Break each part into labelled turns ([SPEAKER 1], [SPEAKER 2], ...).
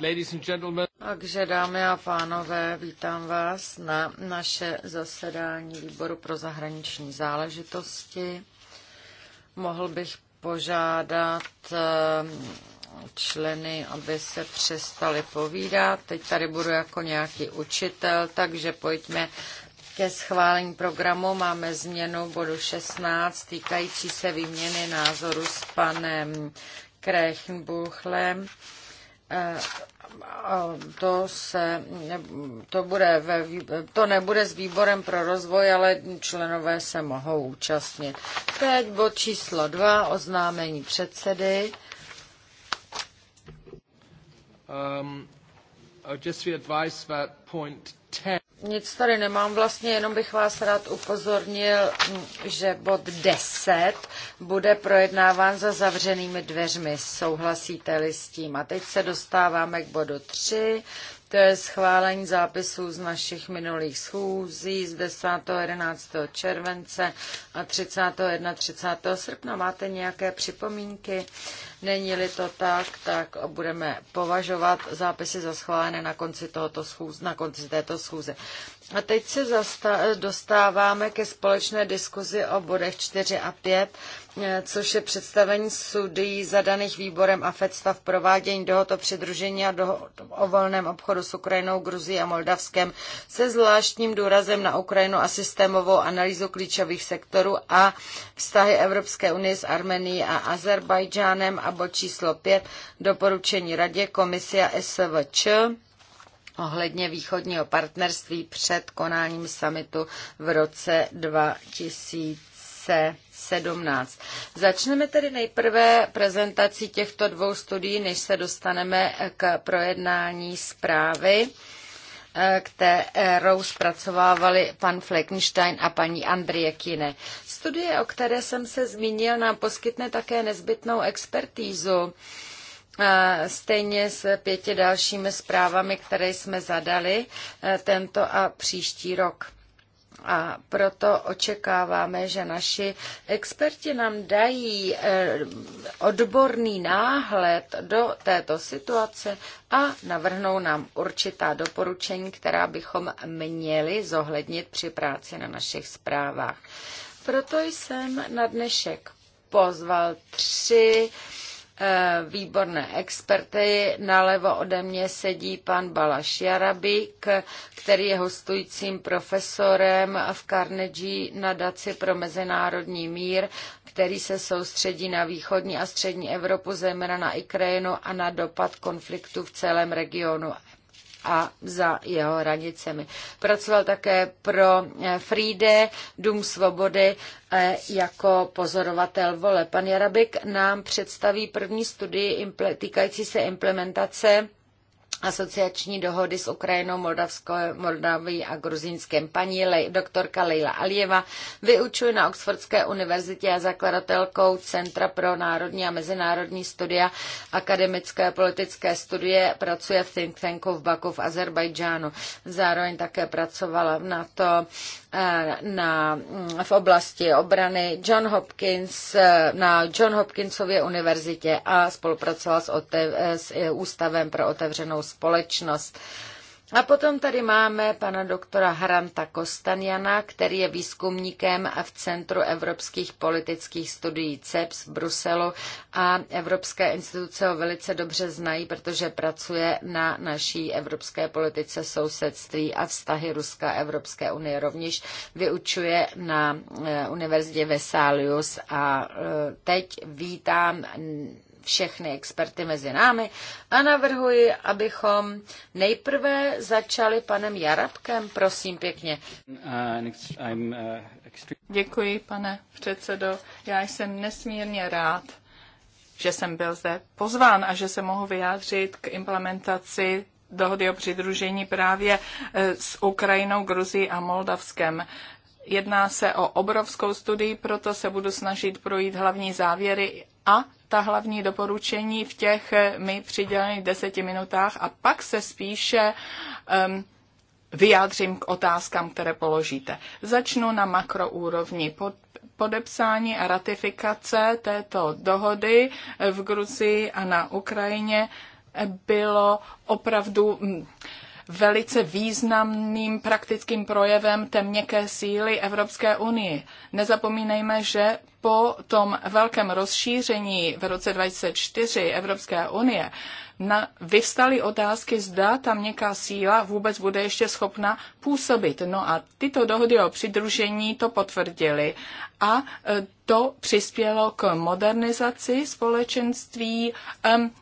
[SPEAKER 1] ladies and gentlemen.
[SPEAKER 2] Takže dámy a pánové, vítám vás na naše zasedání výboru pro zahraniční záležitosti. Mohl bych požádat eh, členy, aby se přestali povídat. Teď tady budu jako nějaký učitel, takže pojďme ke schválení programu máme změnu bodu 16 týkající se výměny názoru s panem Krechenbuchlem. Eh, to, se, to, bude ve, to nebude s výborem pro rozvoj, ale členové se mohou účastnit. Teď bod číslo dva, oznámení předsedy.
[SPEAKER 1] Um, just advice advise point
[SPEAKER 2] 10 nic tady nemám vlastně, jenom bych vás rád upozornil, že bod 10 bude projednáván za zavřenými dveřmi. Souhlasíte-li s tím? A teď se dostáváme k bodu 3. To je schválení zápisů z našich minulých schůzí z 10. 11. července a 31. 30. srpna. Máte nějaké připomínky? Není-li to tak, tak budeme považovat zápisy za schválené na konci, tohoto schůz, na konci této schůze. A teď se dostáváme ke společné diskuzi o bodech 4 a 5, eh, což je představení studií zadaných výborem AFED v provádění dohoto přidružení a dohod o volném obchodu s Ukrajinou, Gruzií a Moldavskem se zvláštním důrazem na Ukrajinu a systémovou analýzu klíčových sektorů a vztahy Evropské unie s Armenií a Azerbajdžánem a bod číslo 5 doporučení radě komisia SVČ ohledně východního partnerství před konáním samitu v roce 2000. 17. Začneme tedy nejprve prezentací těchto dvou studií, než se dostaneme k projednání zprávy, kterou zpracovávali pan Fleckenstein a paní Andrie Kine. Studie, o které jsem se zmínil, nám poskytne také nezbytnou expertízu Stejně s pěti dalšími zprávami, které jsme zadali e, tento a příští rok. A proto očekáváme, že naši experti nám dají e, odborný náhled do této situace a navrhnou nám určitá doporučení, která bychom měli zohlednit při práci na našich zprávách. Proto jsem na dnešek pozval tři Eh, výborné experty. Nalevo ode mě sedí pan Balaš Jarabík, který je hostujícím profesorem v Carnegie nadaci pro mezinárodní mír, který se soustředí na východní a střední Evropu, zejména na Ukrajinu a na dopad konfliktu v celém regionu a za jeho radicemi. Pracoval také pro eh, Fride, Dům svobody, eh, jako pozorovatel vole. Pan Jarabik nám představí první studii týkající se implementace asociační dohody s Ukrajinou, Moldavskou, Moldaví a Gruzínskem. Paní Lej, doktorka Leila Alieva vyučuje na Oxfordské univerzitě a zakladatelkou Centra pro národní a mezinárodní studia akademické a politické studie pracuje v think tanku v Baku v Azerbajdžánu. Zároveň také pracovala na to eh, na, v oblasti obrany John Hopkins eh, na John Hopkinsově univerzitě a spolupracovala s, otev, eh, s Ústavem pro otevřenou společnost. A potom tady máme pana doktora Haranta Kostanjana, který je výzkumníkem v Centru evropských politických studií CEPS v Bruselu a evropské instituce ho velice dobře znají, protože pracuje na naší evropské politice sousedství a vztahy Ruska a Evropské unie. Rovněž vyučuje na eh, univerzitě Vesalius a eh, teď vítám všechny experty mezi námi a navrhuji, abychom
[SPEAKER 3] nejprve začali panem Jarabkem, prosím pěkně. Děkuji, pane předsedo. Já jsem nesmírně rád, že jsem byl zde pozván a že se mohu vyjádřit k implementaci dohody o přidružení právě e, s Ukrajinou, Gruzií a Moldavskem. Jedná se o obrovskou studii, proto se budu snažit projít hlavní závěry a ta hlavní doporučení v těch eh, mi přidělených deseti minutách a pak se spíše um, vyjádřím k otázkám, které položíte. Začnu na makroúrovni. Pod, podepsání a ratifikace této dohody eh, v Gruzii a na Ukrajině eh, bylo opravdu hm, velice významným praktickým projevem té měkké síly Evropské unie. Nezapomínejme, že po tom velkém rozšíření v roce 2004 Evropské unie na, vyvstaly otázky, zda tam nějaká síla vůbec bude ještě schopna působit. No a tyto dohody o přidružení to potvrdily a e, to přispělo k modernizaci společenství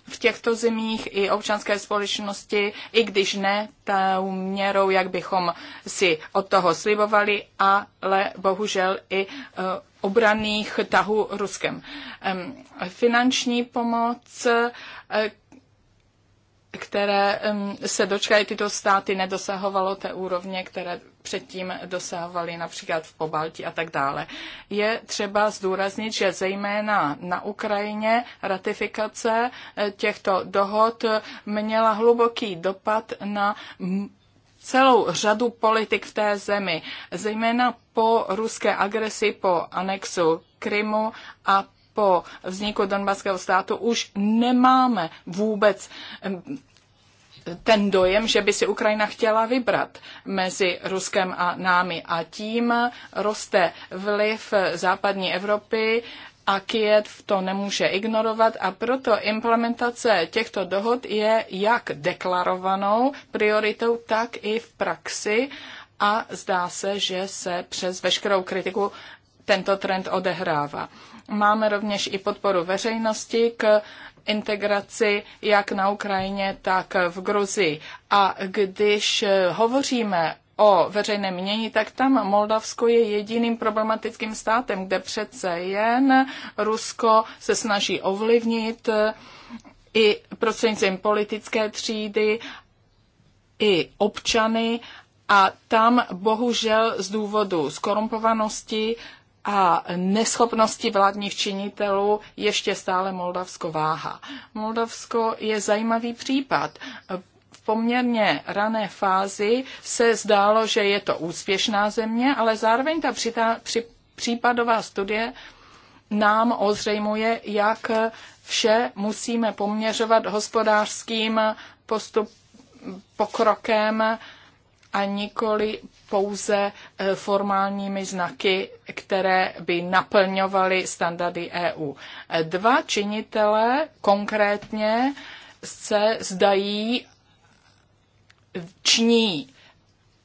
[SPEAKER 3] v těchto zemích i občanské společnosti, i když ne tou měrou, jak bychom si od toho slibovali, ale bohužel i e, obraných tahů Ruskem. Finanční pomoc, e, které se dočkají tyto státy, nedosahovalo té úrovně, které předtím dosahovali například v Pobalti a tak dále. Je třeba zdůraznit, že zejména na Ukrajině ratifikace e, těchto dohod měla hluboký dopad na celou řadu politik v té zemi, zejména po ruské agresi, po anexu Krymu a po vzniku Donbaského státu už nemáme vůbec ten dojem, že by si Ukrajina chtěla vybrat mezi Ruskem a námi. A tím roste vliv západní Evropy, a Kiev to nemůže ignorovat a proto implementace těchto dohod je jak deklarovanou prioritou, tak i v praxi a zdá se, že se přes veškerou kritiku tento trend odehrává. Máme rovněž i podporu veřejnosti k integraci jak na Ukrajině, tak v Gruzii. A když hovoříme o veřejné mění, tak tam Moldavsko je jediným problematickým státem, kde přece jen Rusko se snaží ovlivnit eh, i prostřednictvím politické třídy, i občany a tam bohužel z důvodu skorumpovanosti a neschopnosti vládních činitelů ještě stále Moldavsko váha. Moldavsko je zajímavý případ, poměrně rané fázi se zdálo, že je to úspěšná země, ale zároveň ta přita, při, případová studie nám ozřejmuje, jak vše musíme poměřovat hospodářským postup, pokrokem a nikoli pouze eh, formálními znaky, které by naplňovaly standardy EU. Dva činitele konkrétně se zdají činí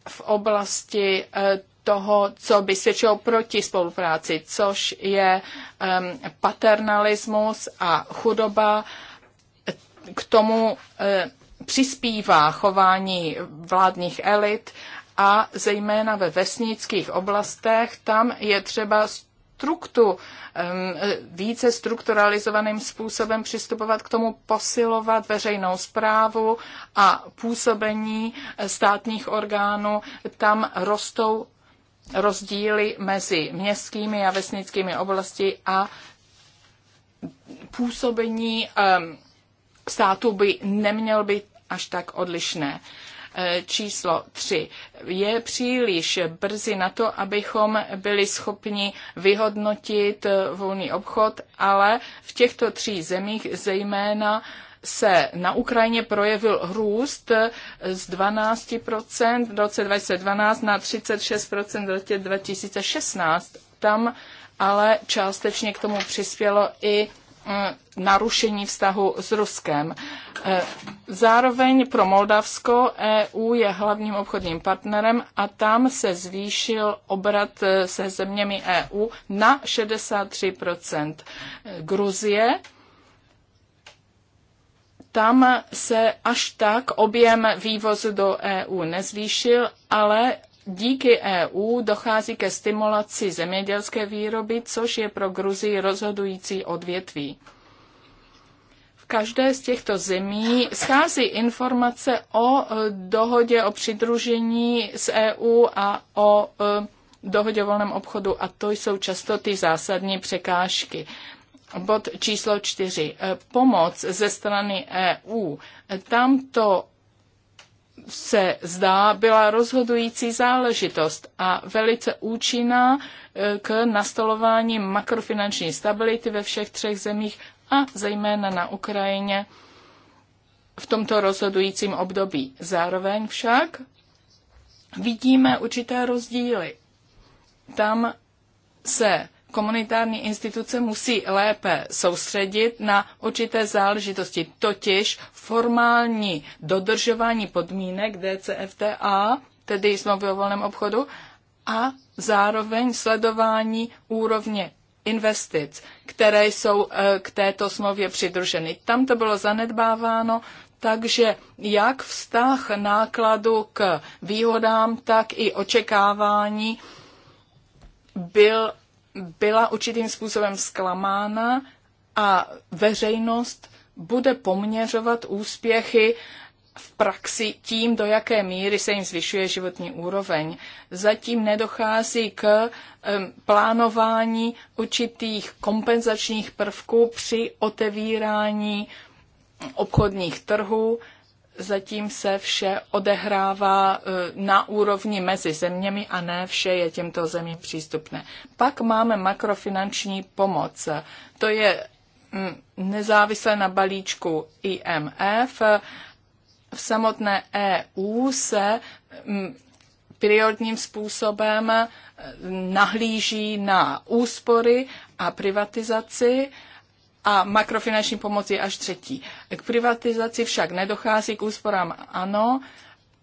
[SPEAKER 3] v oblasti eh, toho, co by svědčilo proti spolupráci, což je ehm, paternalismus a chudoba. K tomu eh, přispívá chování vládních elit a zejména ve vesnických oblastech, tam je třeba struktu, více strukturalizovaným způsobem přistupovat k tomu, posilovat veřejnou zprávu a působení státních orgánů. Tam rostou rozdíly mezi městskými a vesnickými oblasti a působení státu by neměl být až tak odlišné. E, číslo 3. Je příliš brzy na to, abychom byli schopni vyhodnotit e, volný obchod, ale v těchto tří zemích zejména se na Ukrajině projevil růst z 12% v roce 2012 na 36% v roce 2016. Tam ale částečně k tomu přispělo i Mm, narušení vztahu s Ruskem. E, zároveň pro Moldavsko EU je hlavním obchodním partnerem a tam se zvýšil obrat e, se zeměmi EU na 63%. Gruzie tam se až tak objem vývozu do EU nezvýšil, ale Díky EU dochází ke stimulaci zemědělské výroby, což je pro Gruzii rozhodující odvětví V každé z těchto zemí schází informace o e, dohodě o přidružení s EU a o e, dohodě o volném obchodu a to jsou často ty zásadní překážky. Bod číslo čtyři. E, pomoc ze strany EU. Tamto se zdá, byla rozhodující záležitost a velice účinná e, k nastolování makrofinanční stability ve všech třech zemích a zejména na Ukrajině v tomto rozhodujícím období. Zároveň však vidíme určité rozdíly. Tam se komunitární instituce musí lépe soustředit na určité záležitosti, totiž formální dodržování podmínek DCFTA, tedy smlouvy o volném obchodu, a zároveň sledování úrovně investic, které jsou e, k této smlouvě přidruženy. Tam to bylo zanedbáváno, takže jak vztah nákladu k výhodám, tak i očekávání byl byla určitým způsobem zklamána a veřejnost bude poměřovat úspěchy v praxi tím, do jaké míry se jim zvyšuje životní úroveň. Zatím nedochází k plánování určitých kompenzačních prvků při otevírání obchodních trhů zatím se vše odehrává e, na úrovni mezi zeměmi a ne vše je těmto zemím přístupné. Pak máme makrofinanční pomoc. To je mm, nezávisle na balíčku IMF. V samotné EU se mm, periodním způsobem e, nahlíží na úspory a privatizaci a makrofinanční pomoc je až třetí. K privatizaci však nedochází, k úsporám ano.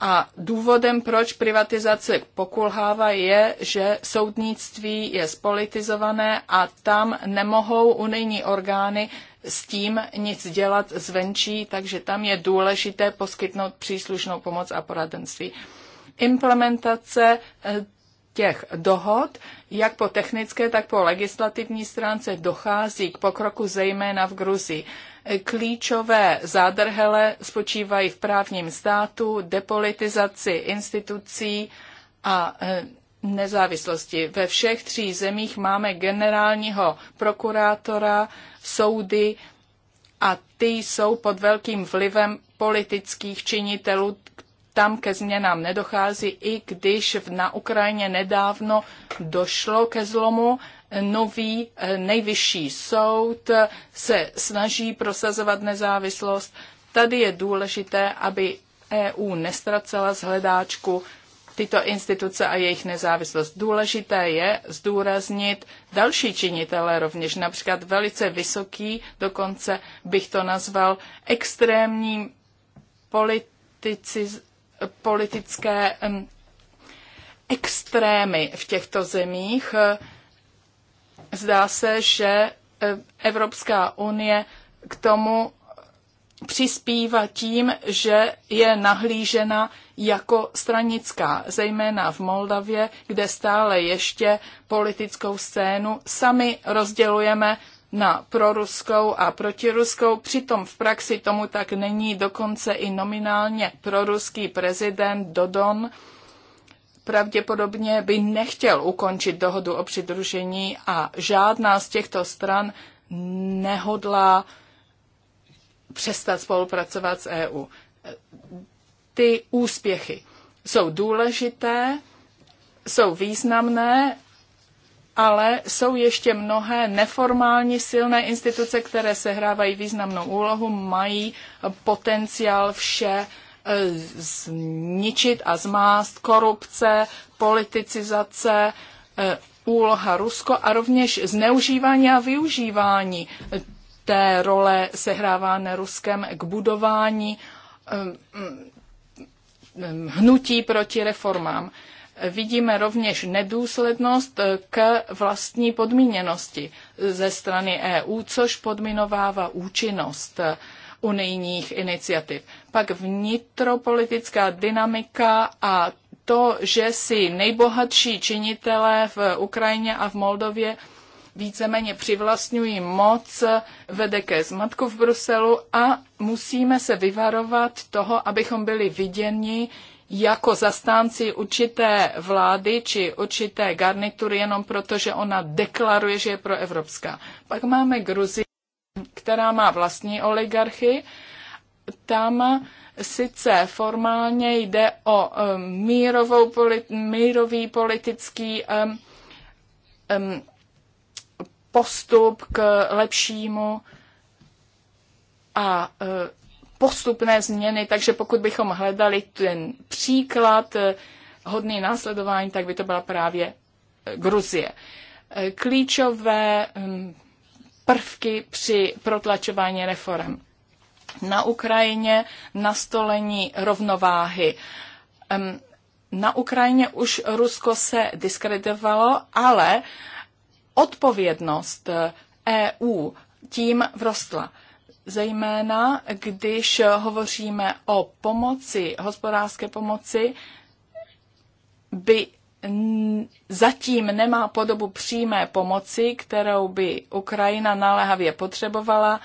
[SPEAKER 3] A důvodem, proč privatizace pokulhává, je, že soudnictví je spolitizované a tam nemohou unijní orgány s tím nic dělat zvenčí, takže tam je důležité poskytnout příslušnou pomoc a poradenství. Implementace eh, těch dohod, jak po technické, tak po legislativní stránce dochází k pokroku zejména v Gruzii. Klíčové zádrhele spočívají v právním státu, depolitizaci institucí a e, nezávislosti. Ve všech tří zemích máme generálního prokurátora, soudy a ty jsou pod velkým vlivem politických činitelů, tam ke změnám nedochází, i když na Ukrajině nedávno došlo ke zlomu. Nový eh, nejvyšší soud eh, se snaží prosazovat nezávislost. Tady je důležité, aby EU nestracela z hledáčku tyto instituce a jejich nezávislost. Důležité je zdůraznit další činitele rovněž, například velice vysoký, dokonce bych to nazval extrémním politici, politické extrémy v těchto zemích. Zdá se, že Evropská unie k tomu přispívá tím, že je nahlížena jako stranická, zejména v Moldavě, kde stále ještě politickou scénu sami rozdělujeme na proruskou a protiruskou. Přitom v praxi tomu tak není. Dokonce i nominálně proruský prezident Dodon pravděpodobně by nechtěl ukončit dohodu o přidružení a žádná z těchto stran nehodlá přestat spolupracovat s EU. Ty úspěchy jsou důležité, jsou významné, ale jsou ještě mnohé neformální silné instituce, které sehrávají významnou úlohu, mají potenciál vše e, zničit a zmást korupce, politicizace, e, úloha Rusko a rovněž zneužívání a využívání té role sehrávané Ruskem k budování e, hnutí proti reformám. Vidíme rovněž nedůslednost k vlastní podmíněnosti ze strany EU, což podminovává účinnost unijních iniciativ. Pak vnitropolitická dynamika a to, že si nejbohatší činitelé v Ukrajině a v Moldově víceméně přivlastňují moc, vede ke zmatku v Bruselu a musíme se vyvarovat toho, abychom byli viděni jako zastánci určité vlády či určité garnitury jenom proto, že ona deklaruje, že je proevropská. Pak máme Gruzi, která má vlastní oligarchy. Tam sice formálně jde o um, mírovou polit, mírový politický um, um, postup k lepšímu a uh, postupné změny, takže pokud bychom hledali ten příklad eh, hodný následování, tak by to byla právě eh, Gruzie. Eh, klíčové hm, prvky při protlačování reform. Na Ukrajině nastolení rovnováhy. Ehm, na Ukrajině už Rusko se diskreditovalo, ale odpovědnost EU e tím vrostla zejména když hovoříme o pomoci, hospodářské pomoci, by zatím nemá podobu přímé pomoci, kterou by Ukrajina naléhavě potřebovala.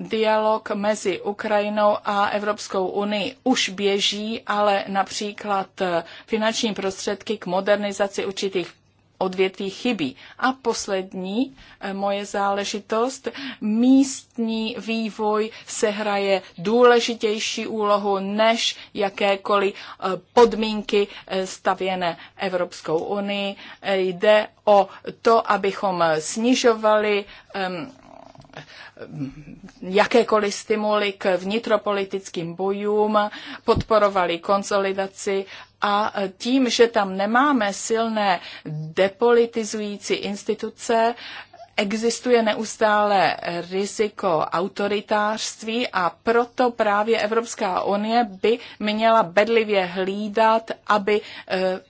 [SPEAKER 3] Dialog mezi Ukrajinou a Evropskou unii už běží, ale například finanční prostředky k modernizaci určitých odvětví chybí. A poslední eh, moje záležitost, místní vývoj se hraje důležitější úlohu než jakékoliv eh, podmínky eh, stavěné Evropskou unii. Jde o to, abychom snižovali um, jakékoliv stimuly k vnitropolitickým bojům, podporovali konsolidaci a tím, že tam nemáme silné depolitizující instituce, existuje neustále riziko autoritářství a proto právě Evropská unie by měla bedlivě hlídat, aby eh,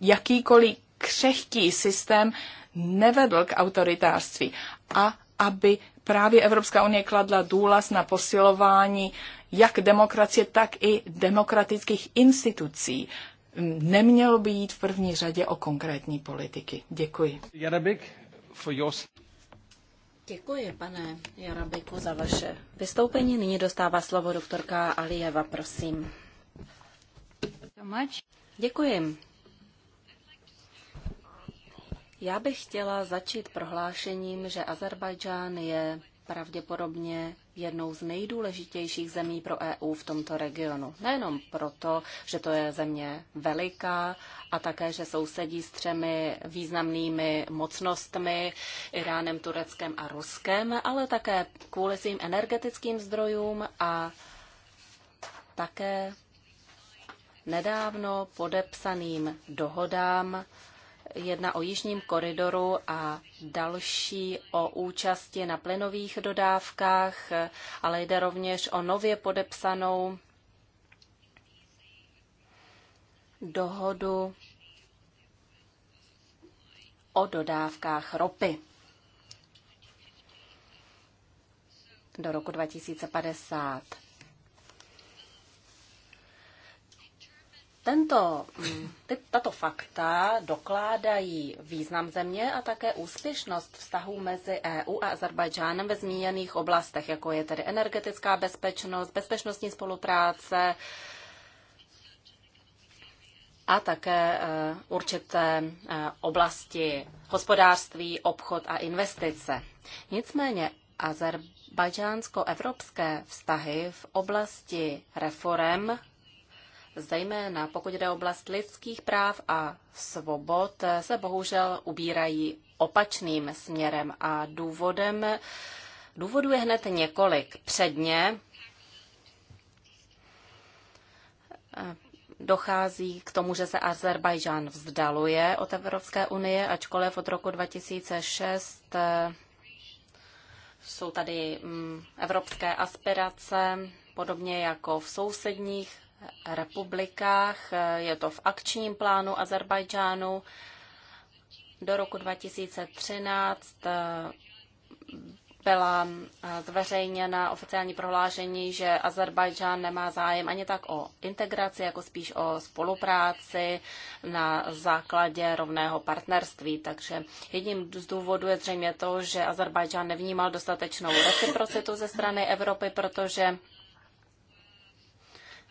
[SPEAKER 3] jakýkoliv křehký systém nevedl k autoritářství. A aby právě Evropská unie kladla důraz na posilování jak demokracie, tak i demokratických institucí. Nemělo by jít v první řadě o konkrétní politiky. Děkuji.
[SPEAKER 1] Jarabik, for your...
[SPEAKER 4] Děkuji, pane Jarabiku, za vaše vystoupení. Nyní dostává slovo doktorka Alieva, prosím. Děkuji. Já bych chtěla začít prohlášením, že Azerbajdžán je pravděpodobně jednou z nejdůležitějších zemí pro EU v tomto regionu. Nejenom proto, že to je země veliká a také, že sousedí s třemi významnými mocnostmi, Iránem, Tureckem a Ruskem, ale také kvůli svým energetickým zdrojům a také nedávno podepsaným dohodám jedna o jižním koridoru a další o účasti na plynových dodávkách, ale jde rovněž o nově podepsanou dohodu o dodávkách ropy do roku 2050. Tento, mm, tato fakta dokládají význam země a také úspěšnost vztahů mezi EU a Azerbajdžánem ve zmíněných oblastech, jako je tedy energetická bezpečnost, bezpečnostní spolupráce a také eh, určité eh, oblasti hospodářství, obchod a investice. Nicméně Azerbajdžánsko-evropské vztahy v oblasti reform zejména pokud jde o oblast lidských práv a svobod, se bohužel ubírají opačným směrem a důvodem důvodů je hned několik. Předně eh, dochází k tomu, že se Azerbajžán vzdaluje od Evropské unie, ačkoliv od roku 2006 eh, jsou tady mm, evropské aspirace, podobně jako v sousedních republikách. Je to v akčním plánu Azerbajdžánu. Do roku 2013 byla zveřejněna oficiální prohlášení, že Azerbajdžán nemá zájem ani tak o integraci, jako spíš o spolupráci na základě rovného partnerství. Takže jedním z důvodů je zřejmě to, že Azerbajdžán nevnímal dostatečnou reciprocitu ze strany Evropy, protože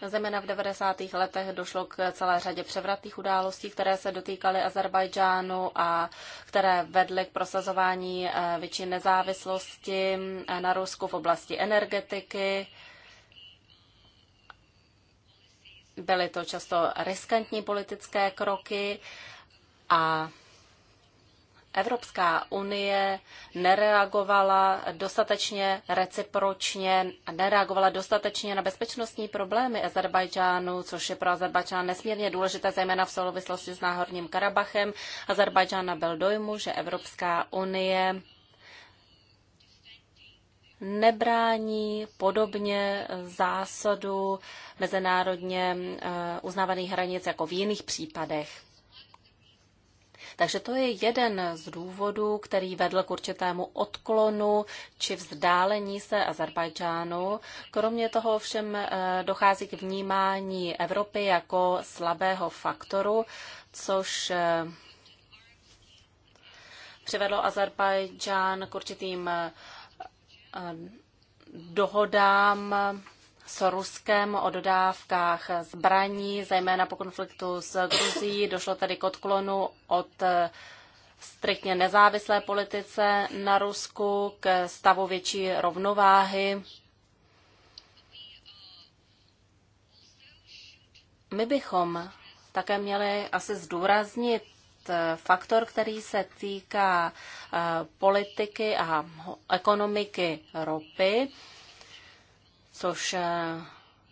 [SPEAKER 4] Zejména v 90. letech došlo k celé řadě převratných událostí, které se dotýkaly Azerbajdžánu a které vedly k prosazování eh, větší nezávislosti eh, na Rusku v oblasti energetiky. Byly to často riskantní politické kroky a Evropská unie nereagovala dostatečně recipročně, nereagovala dostatečně na bezpečnostní problémy Azerbajdžánu, což je pro Azerbajdžán nesmírně důležité, zejména v souvislosti s Náhorním Karabachem. Azerbajdžán nabyl dojmu, že Evropská unie nebrání podobně zásadu mezinárodně eh, uznávaných hranic jako v jiných případech. Takže to je jeden z důvodů, který vedl k určitému odklonu či vzdálení se Azerbajdžánu. Kromě toho všem eh, dochází k vnímání Evropy jako slabého faktoru, což eh, přivedlo Azerbajdžán k určitým eh, dohodám s Ruskem o dodávkách zbraní, zejména po konfliktu s Gruzí. Došlo tedy k odklonu od eh, striktně nezávislé politice na Rusku k stavu větší rovnováhy. My bychom také měli asi zdůraznit eh, faktor, který se týká eh, politiky a ekonomiky ropy což eh,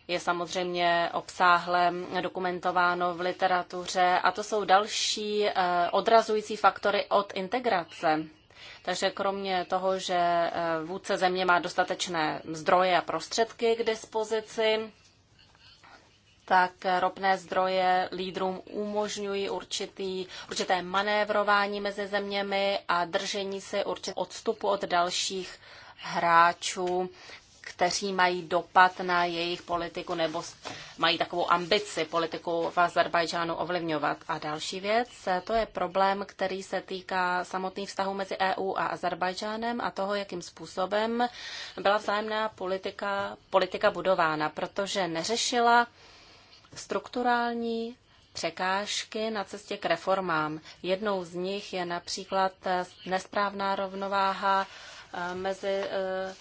[SPEAKER 4] je samozřejmě obsáhle dokumentováno v literatuře a to jsou další eh, odrazující faktory od integrace. Takže kromě toho, že eh, vůdce země má dostatečné zdroje a prostředky k dispozici, tak ropné zdroje lídrům umožňují určitý, určité manévrování mezi zeměmi a držení si určitého odstupu od dalších hráčů kteří mají dopad na jejich politiku nebo mají takovou ambici politiku v Azerbajdžánu ovlivňovat. A další věc, to je problém, který se týká samotných vztahů mezi EU a Azerbajdžánem a toho, jakým způsobem byla vzájemná politika, politika budována, protože neřešila strukturální překážky na cestě k reformám. Jednou z nich je například eh, nesprávná rovnováha eh, mezi eh,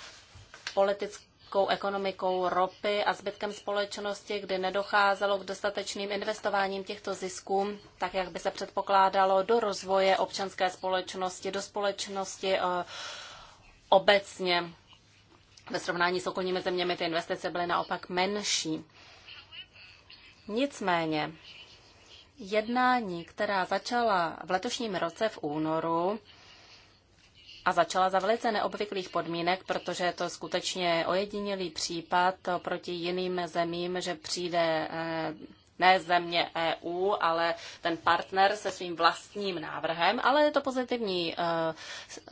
[SPEAKER 4] politickou nízkou ekonomikou ropy a zbytkem společnosti, kdy nedocházelo k dostatečným investováním těchto zisků, tak jak by se předpokládalo, do rozvoje občanské společnosti, do společnosti eh, obecně. Ve srovnání s okolními zeměmi ty investice byly naopak menší. Nicméně, jednání, která začala v letošním roce v únoru, a začala za velice neobvyklých podmínek, protože je to skutečně ojedinělý případ proti jiným zemím, že přijde eh, ne země EU, ale ten partner se svým vlastním návrhem, ale je to pozitivní eh,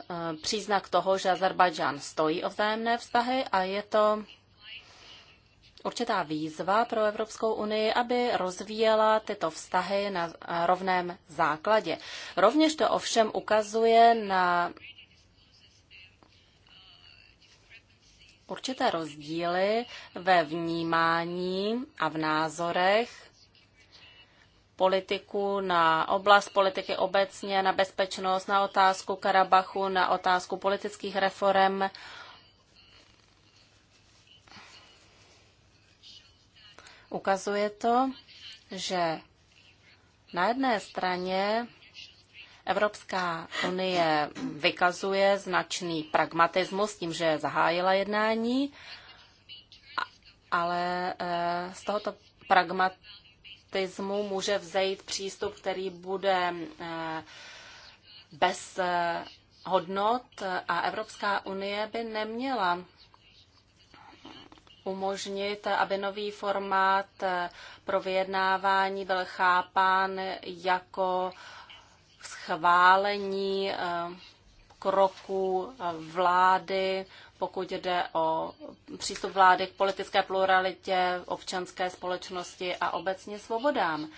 [SPEAKER 4] eh, příznak toho, že Azerbajdžán stojí o vzájemné vztahy a je to určitá výzva pro Evropskou unii, aby rozvíjela tyto vztahy na rovném základě. Rovněž to ovšem ukazuje na určité rozdíly ve vnímání a v názorech politiku na oblast politiky obecně, na bezpečnost, na otázku Karabachu, na otázku politických reform. Ukazuje to, že na jedné straně Evropská unie vykazuje značný pragmatismus tím, že zahájila jednání, ale eh, z tohoto pragmatismu může vzejít přístup, který bude eh, bez eh, hodnot a Evropská unie by neměla umožnit, aby nový formát pro vyjednávání byl chápán jako schválení eh, kroku eh, vlády, pokud jde o přístup vlády k politické pluralitě, občanské společnosti a obecně svobodám.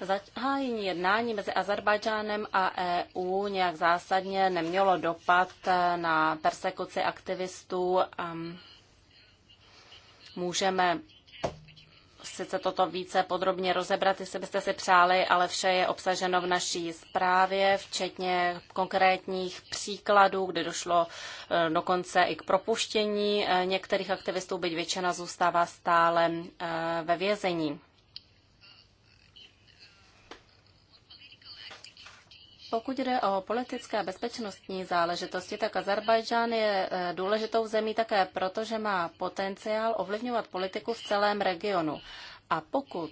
[SPEAKER 4] Zahájení jednání mezi Azerbajdžánem a EU nějak zásadně nemělo dopad eh, na persekuci aktivistů. Můžeme sice toto více podrobně rozebrat, jestli byste si přáli, ale vše je obsaženo v naší zprávě, včetně konkrétních příkladů, kde došlo e, dokonce i k propuštění e, některých aktivistů, byť většina zůstává stále e, ve vězení. Pokud jde o politické a bezpečnostní záležitosti, tak Azerbajdžán je eh, důležitou zemí také proto, že má potenciál ovlivňovat politiku v celém regionu. A pokud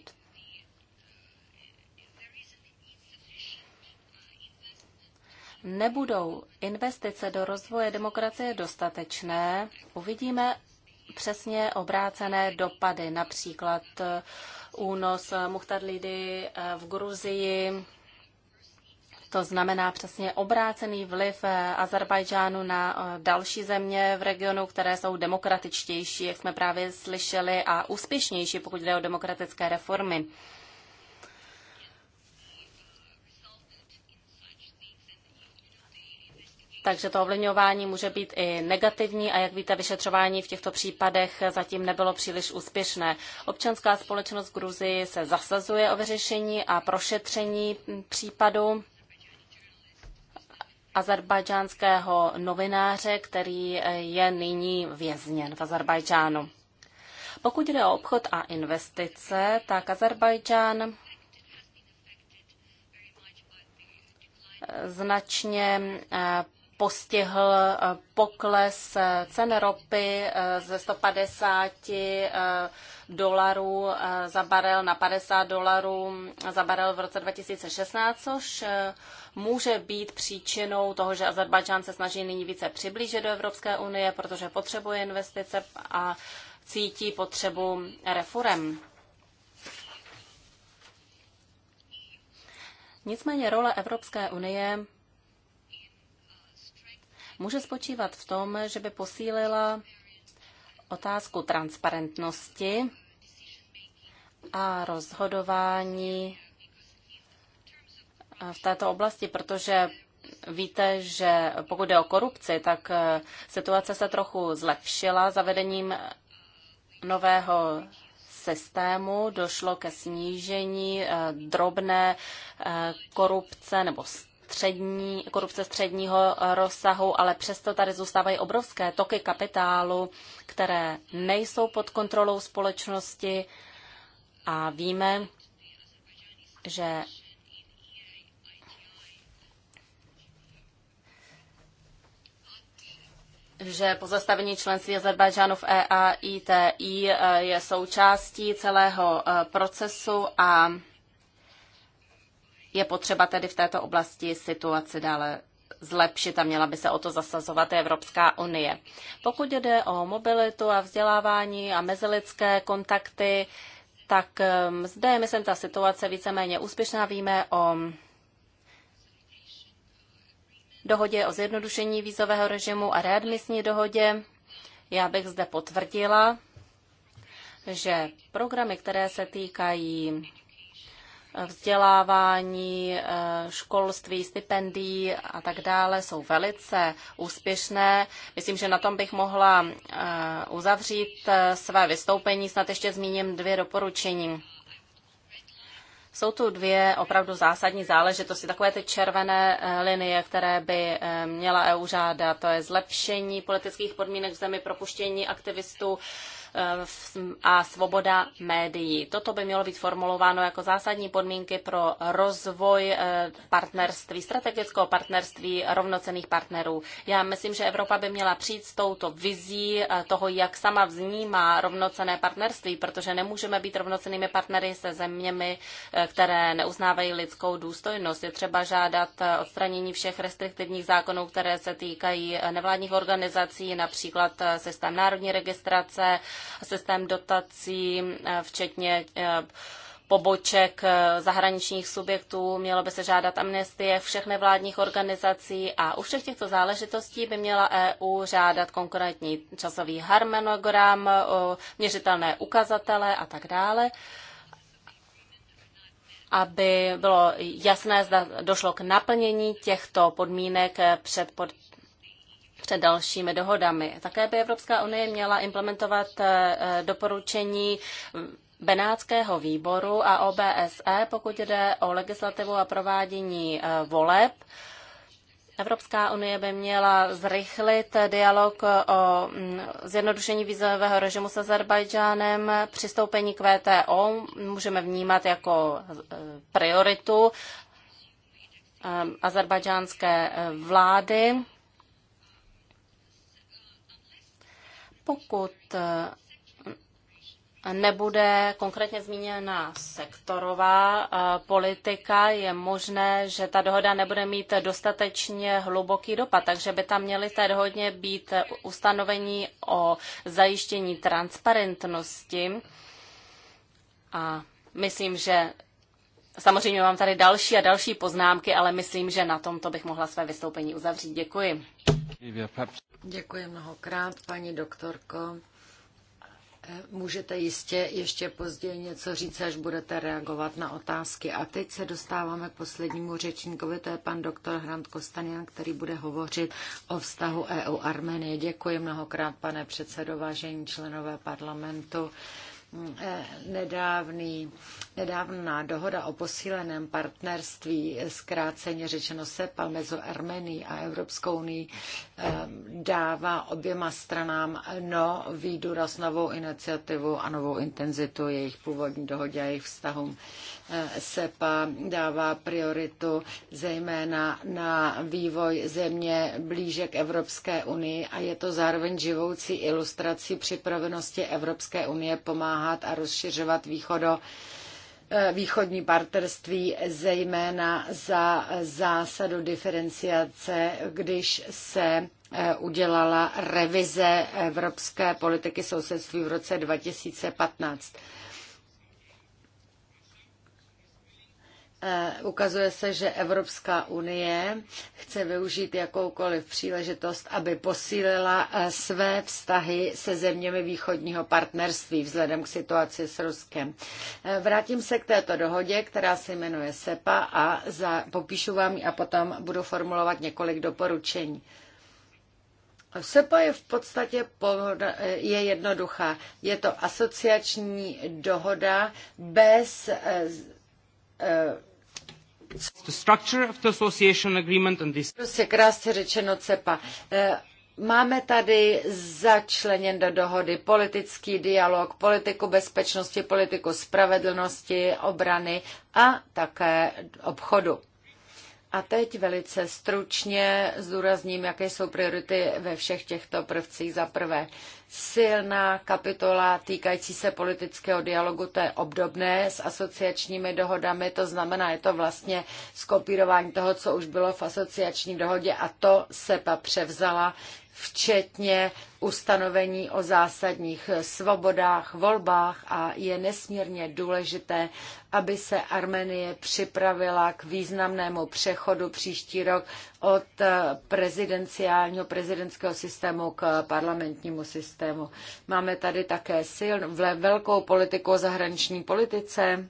[SPEAKER 4] nebudou investice do rozvoje demokracie dostatečné, uvidíme přesně obrácené dopady, například eh, únos Muhtarlidy eh, v Gruzii, to znamená přesně obrácený vliv eh, Azerbajdžánu na eh, další země v regionu, které jsou demokratičtější, jak jsme právě slyšeli, a úspěšnější, pokud jde o demokratické reformy. Takže to ovlivňování může být i negativní a jak víte, vyšetřování v těchto případech zatím nebylo příliš úspěšné. Občanská společnost v Gruzii se zasazuje o vyřešení a prošetření případu azerbajdžánského novináře, který eh, je nyní vězněn v Azerbajdžánu. Pokud jde o obchod a investice, tak Azerbajdžán eh, značně eh, postihl eh, pokles eh, cen ropy eh, ze 150 dolarů za barel na 50 dolarů za barel v roce 2016, což může být příčinou toho, že Azerbajdžán se snaží nyní více přiblížit do Evropské unie, protože potřebuje investice a cítí potřebu reform. Nicméně role Evropské unie může spočívat v tom, že by posílila otázku transparentnosti a rozhodování eh, v této oblasti, protože víte, že pokud jde o korupci, tak eh, situace se trochu zlepšila zavedením nového systému došlo ke snížení eh, drobné korupce nebo střední, korupce středního eh, rozsahu, ale přesto tady zůstávají obrovské toky kapitálu, které nejsou pod kontrolou společnosti a víme, že že pozastavení členství Azerbajdžánu v EAITI eh, je součástí celého eh, procesu a je potřeba tedy v této oblasti situaci dále zlepšit a měla by se o to zasazovat Evropská unie. Pokud jde o mobilitu a vzdělávání a mezilidské kontakty, tak um, zde je, myslím, ta situace víceméně úspěšná. Víme o dohodě o zjednodušení vízového režimu a readmisní dohodě. Já bych zde potvrdila, že programy, které se týkají vzdělávání, eh, školství, stipendií a tak dále jsou velice úspěšné. Myslím, že na tom bych mohla eh, uzavřít eh, své vystoupení. Snad ještě zmíním dvě doporučení. Jsou tu dvě opravdu zásadní záležitosti, takové ty červené linie, které by měla EU řádat. To je zlepšení politických podmínek v zemi, propuštění aktivistů, a svoboda médií. Toto by mělo být formulováno jako zásadní podmínky pro rozvoj eh, partnerství, strategického partnerství rovnocených partnerů. Já myslím, že Evropa by měla přijít s touto vizí eh, toho, jak sama vnímá rovnocené partnerství, protože nemůžeme být rovnocenými partnery se zeměmi, eh, které neuznávají lidskou důstojnost. Je třeba žádat odstranění všech restriktivních zákonů, které se týkají nevládních organizací, například systém národní registrace, systém dotací, eh, včetně eh, poboček eh, zahraničních subjektů, mělo by se žádat amnestie všech nevládních organizací a u všech těchto záležitostí by měla EU žádat konkrétní časový harmonogram, měřitelné ukazatele a tak dále aby bylo jasné, zda došlo k naplnění těchto podmínek před pod, před dalšími dohodami. Také by Evropská unie měla implementovat eh, doporučení Benátského výboru a OBSE, pokud jde o legislativu a provádění eh, voleb. Evropská unie by měla zrychlit eh, dialog o mm, zjednodušení vízového režimu s Azerbajdžánem. Přistoupení k VTO můžeme vnímat jako prioritu azerbajdžánské vlády. pokud eh, nebude konkrétně zmíněna sektorová eh, politika, je možné, že ta dohoda nebude mít dostatečně hluboký dopad, takže by tam měly té dohodně být ustanovení o zajištění transparentnosti. A myslím, že samozřejmě mám tady další a další poznámky, ale myslím, že na tomto bych mohla své vystoupení uzavřít. Děkuji.
[SPEAKER 2] Děkuji mnohokrát, paní doktorko. Eh, můžete jistě ještě později něco říct, až budete reagovat na otázky. A teď se dostáváme k poslednímu řečníkovi, to je pan doktor Hrant Kostanian, který bude hovořit o vztahu EU Armenie. Děkuji mnohokrát, pane předsedo, vážení členové parlamentu. Eh, nedávný Nedávná dohoda o posíleném partnerství, zkráceně řečeno SEPA, mezi Armenií a Evropskou unii eh, dává oběma stranám nový důraz, novou iniciativu a novou intenzitu jejich původní dohodě a jejich vztahům. Eh, SEPA dává prioritu zejména na vývoj země blíže k Evropské unii a je to zároveň živoucí ilustrací připravenosti Evropské unie pomáhat a rozšiřovat východo Eh, východní partnerství, zejména za zásadu diferenciace, když se eh, udělala revize evropské politiky sousedství v roce 2015. Eh, ukazuje se, že Evropská unie chce využít jakoukoliv příležitost, aby posílila eh, své vztahy se zeměmi východního partnerství vzhledem k situaci s Ruskem. Eh, vrátím se k této dohodě, která se jmenuje SEPA a za, popíšu vám ji a potom budu formulovat několik doporučení. SEPA je v podstatě je jednoduchá. Je to asociační dohoda bez The structure of the association agreement and this... Prostě krásně řečeno CEPA. Eh, máme tady začleněn do dohody politický dialog, politiku bezpečnosti, politiku spravedlnosti, obrany a také obchodu. A teď velice stručně zdůrazním, jaké jsou priority ve všech těchto prvcích. Za prvé, silná kapitola týkající se politického dialogu, to je obdobné s asociačními dohodami, to znamená, je to vlastně skopírování toho, co už bylo v asociační dohodě a to SEPA převzala včetně ustanovení o zásadních svobodách, volbách a je nesmírně důležité, aby se Armenie připravila k významnému přechodu příští rok od prezidenciálního prezidentského systému k parlamentnímu systému. Máme tady také silnou velkou politiku o zahraniční politice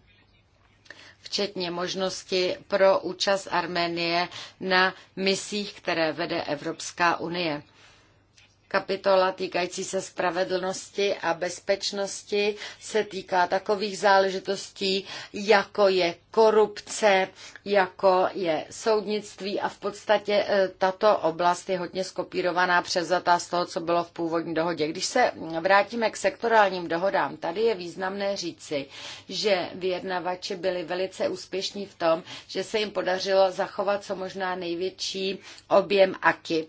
[SPEAKER 2] včetně možnosti pro účast Arménie na misích, které vede Evropská unie kapitola týkající se spravedlnosti a bezpečnosti se týká takových záležitostí, jako je korupce, jako je soudnictví a v podstatě e, tato oblast je hodně skopírovaná, převzatá z toho, co bylo v původní dohodě. Když se vrátíme k sektorálním dohodám, tady je významné říci, že vyjednavači byli velice úspěšní v tom, že se jim podařilo zachovat co možná největší objem aky.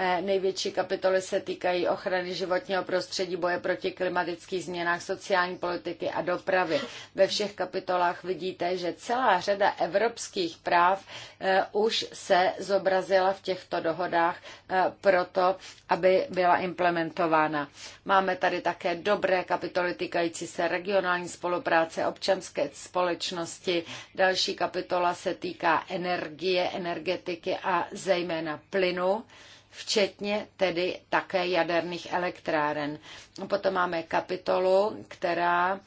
[SPEAKER 2] Eh, největší kapitoly se týkají ochrany životního prostředí, boje proti klimatickým změnách, sociální politiky a dopravy. Ve všech kapitolách vidíte, že celá řada evropských práv eh, už se zobrazila v těchto dohodách eh, proto, aby byla implementována. Máme tady také dobré kapitoly týkající se regionální spolupráce občanské společnosti. Další kapitola se týká energie, energetiky a zejména plynu včetně tedy také jaderných elektráren. No, potom máme kapitolu, která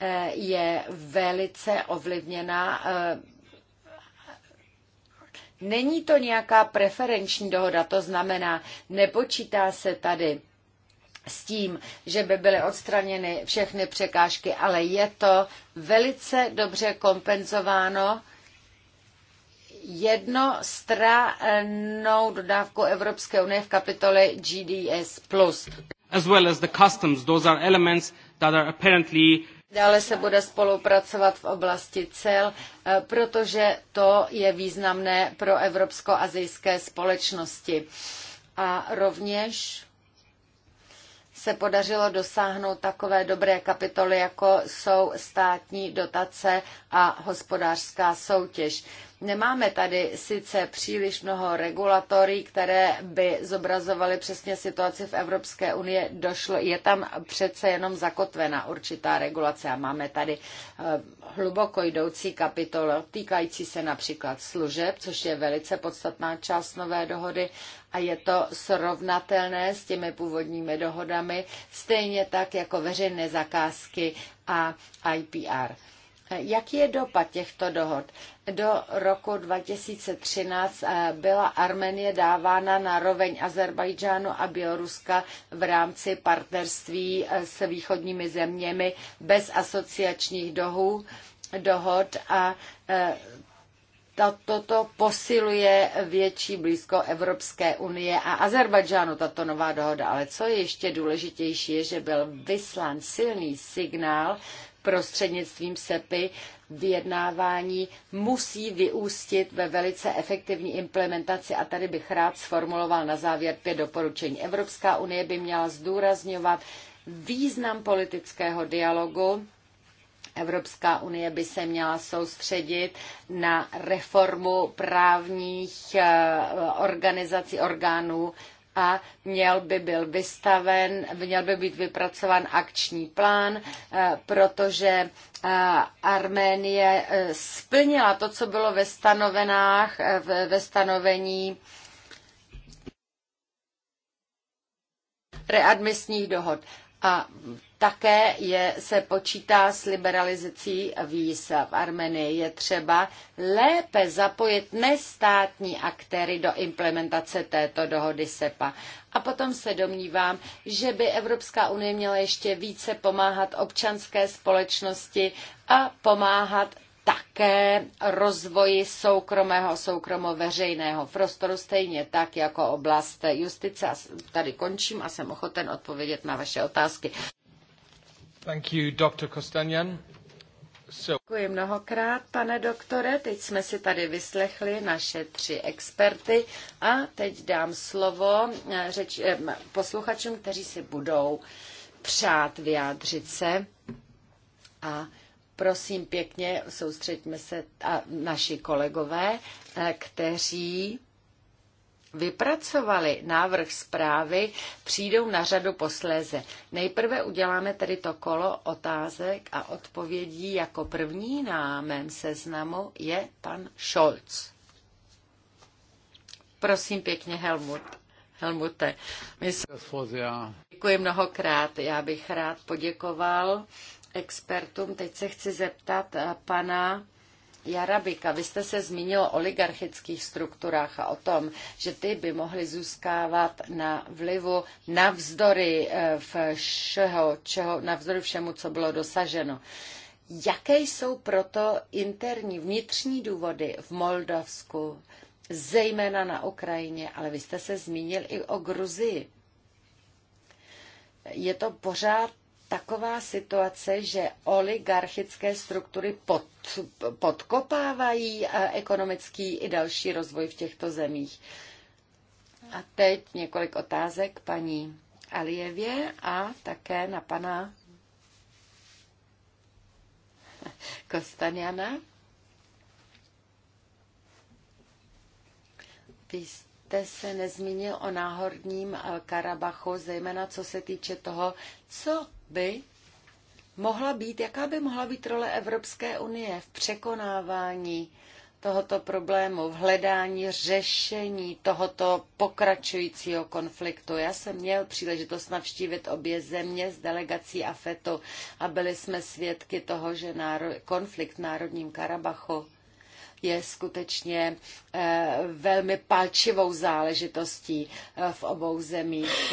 [SPEAKER 2] eh, je velice ovlivněna eh, Není to nějaká preferenční dohoda, to znamená, nepočítá se tady s tím, že by byly odstraněny všechny překážky, ale je to velice dobře kompenzováno jednostrannou dodávku Evropské unie v kapitole GDS+.
[SPEAKER 3] As well as the customs, those are
[SPEAKER 4] elements that are apparently
[SPEAKER 2] Dále se bude spolupracovat v oblasti cel, eh, protože to je významné pro evropsko-azijské společnosti. A rovněž se podařilo dosáhnout takové dobré kapitoly, jako jsou státní dotace a hospodářská soutěž. Nemáme tady sice příliš mnoho regulatorií, které by zobrazovaly přesně situaci v Evropské unii. Došlo, je tam přece jenom zakotvena určitá regulace a máme tady eh, hluboko jdoucí kapitol týkající se například služeb, což je velice podstatná část nové dohody a je to srovnatelné s těmi původními dohodami, stejně tak jako veřejné zakázky a IPR. Jaký je dopad těchto dohod? Do roku 2013 eh, byla Armenie dávána na roveň Azerbajdžánu a Běloruska v rámci partnerství eh, s východními zeměmi bez asociačních dohů, dohod a eh, toto posiluje větší blízko Evropské unie a Azerbajdžánu tato nová dohoda. Ale co je ještě důležitější, je, že byl vyslán silný signál prostřednictvím SEPy vyjednávání musí vyústit ve velice efektivní implementaci a tady bych rád sformuloval na závěr pět doporučení. Evropská unie by měla zdůrazňovat význam politického dialogu Evropská unie by se měla soustředit na reformu právních eh, organizací orgánů a měl by byl vystaven, měl by být vypracován akční plán, eh, protože eh, Arménie eh, splnila to, co bylo ve stanovenách, ve stanovení readmisních dohod. A také je, se počítá s liberalizací víz v Armenii. Je třeba lépe zapojit nestátní aktéry do implementace této dohody SEPA. A potom se domnívám, že by Evropská unie měla ještě více pomáhat občanské společnosti a pomáhat také rozvoji soukromého, soukromo-veřejného prostoru, stejně tak jako oblast justice. Tady končím a jsem ochoten odpovědět na vaše otázky.
[SPEAKER 1] Thank you, Dr.
[SPEAKER 2] Děkuji mnohokrát, pane doktore. Teď jsme si tady vyslechli naše tři experty a teď dám slovo eh, řeč, eh, posluchačům, kteří si budou přát vyjádřit se. A prosím pěkně, soustřeďme se a naši kolegové, eh, kteří vypracovali návrh zprávy, přijdou na řadu posléze. Nejprve uděláme tedy to kolo otázek a odpovědí. Jako první na mém seznamu je pan Scholz. Prosím pěkně, Helmut. Helmute, myslím, děkuji mnohokrát. Já bych rád poděkoval expertům. Teď se chci zeptat eh, pana Jarabika, vy jste se zmínil o oligarchických strukturách a o tom, že ty by mohly zůstávat na vlivu navzdory, eh, všeho, čeho, navzdory všemu, co bylo dosaženo. Jaké jsou proto interní vnitřní důvody v Moldavsku, zejména na Ukrajině, ale vy jste se zmínil i o Gruzii. Je to pořád taková situace, že oligarchické struktury pod, podkopávají eh, ekonomický i další rozvoj v těchto zemích. A teď několik otázek paní Alijevě a také na pana Kostaniana. Vy jste se nezmínil o náhorním eh, Karabachu, zejména co se týče toho, co by mohla být, jaká by mohla být role Evropské unie v překonávání tohoto problému, v hledání řešení tohoto pokračujícího konfliktu. Já jsem měl příležitost navštívit obě země s delegací AFETu a byli jsme svědky toho, že náro... konflikt v Národním Karabachu je skutečně eh, velmi palčivou záležitostí eh, v obou zemích.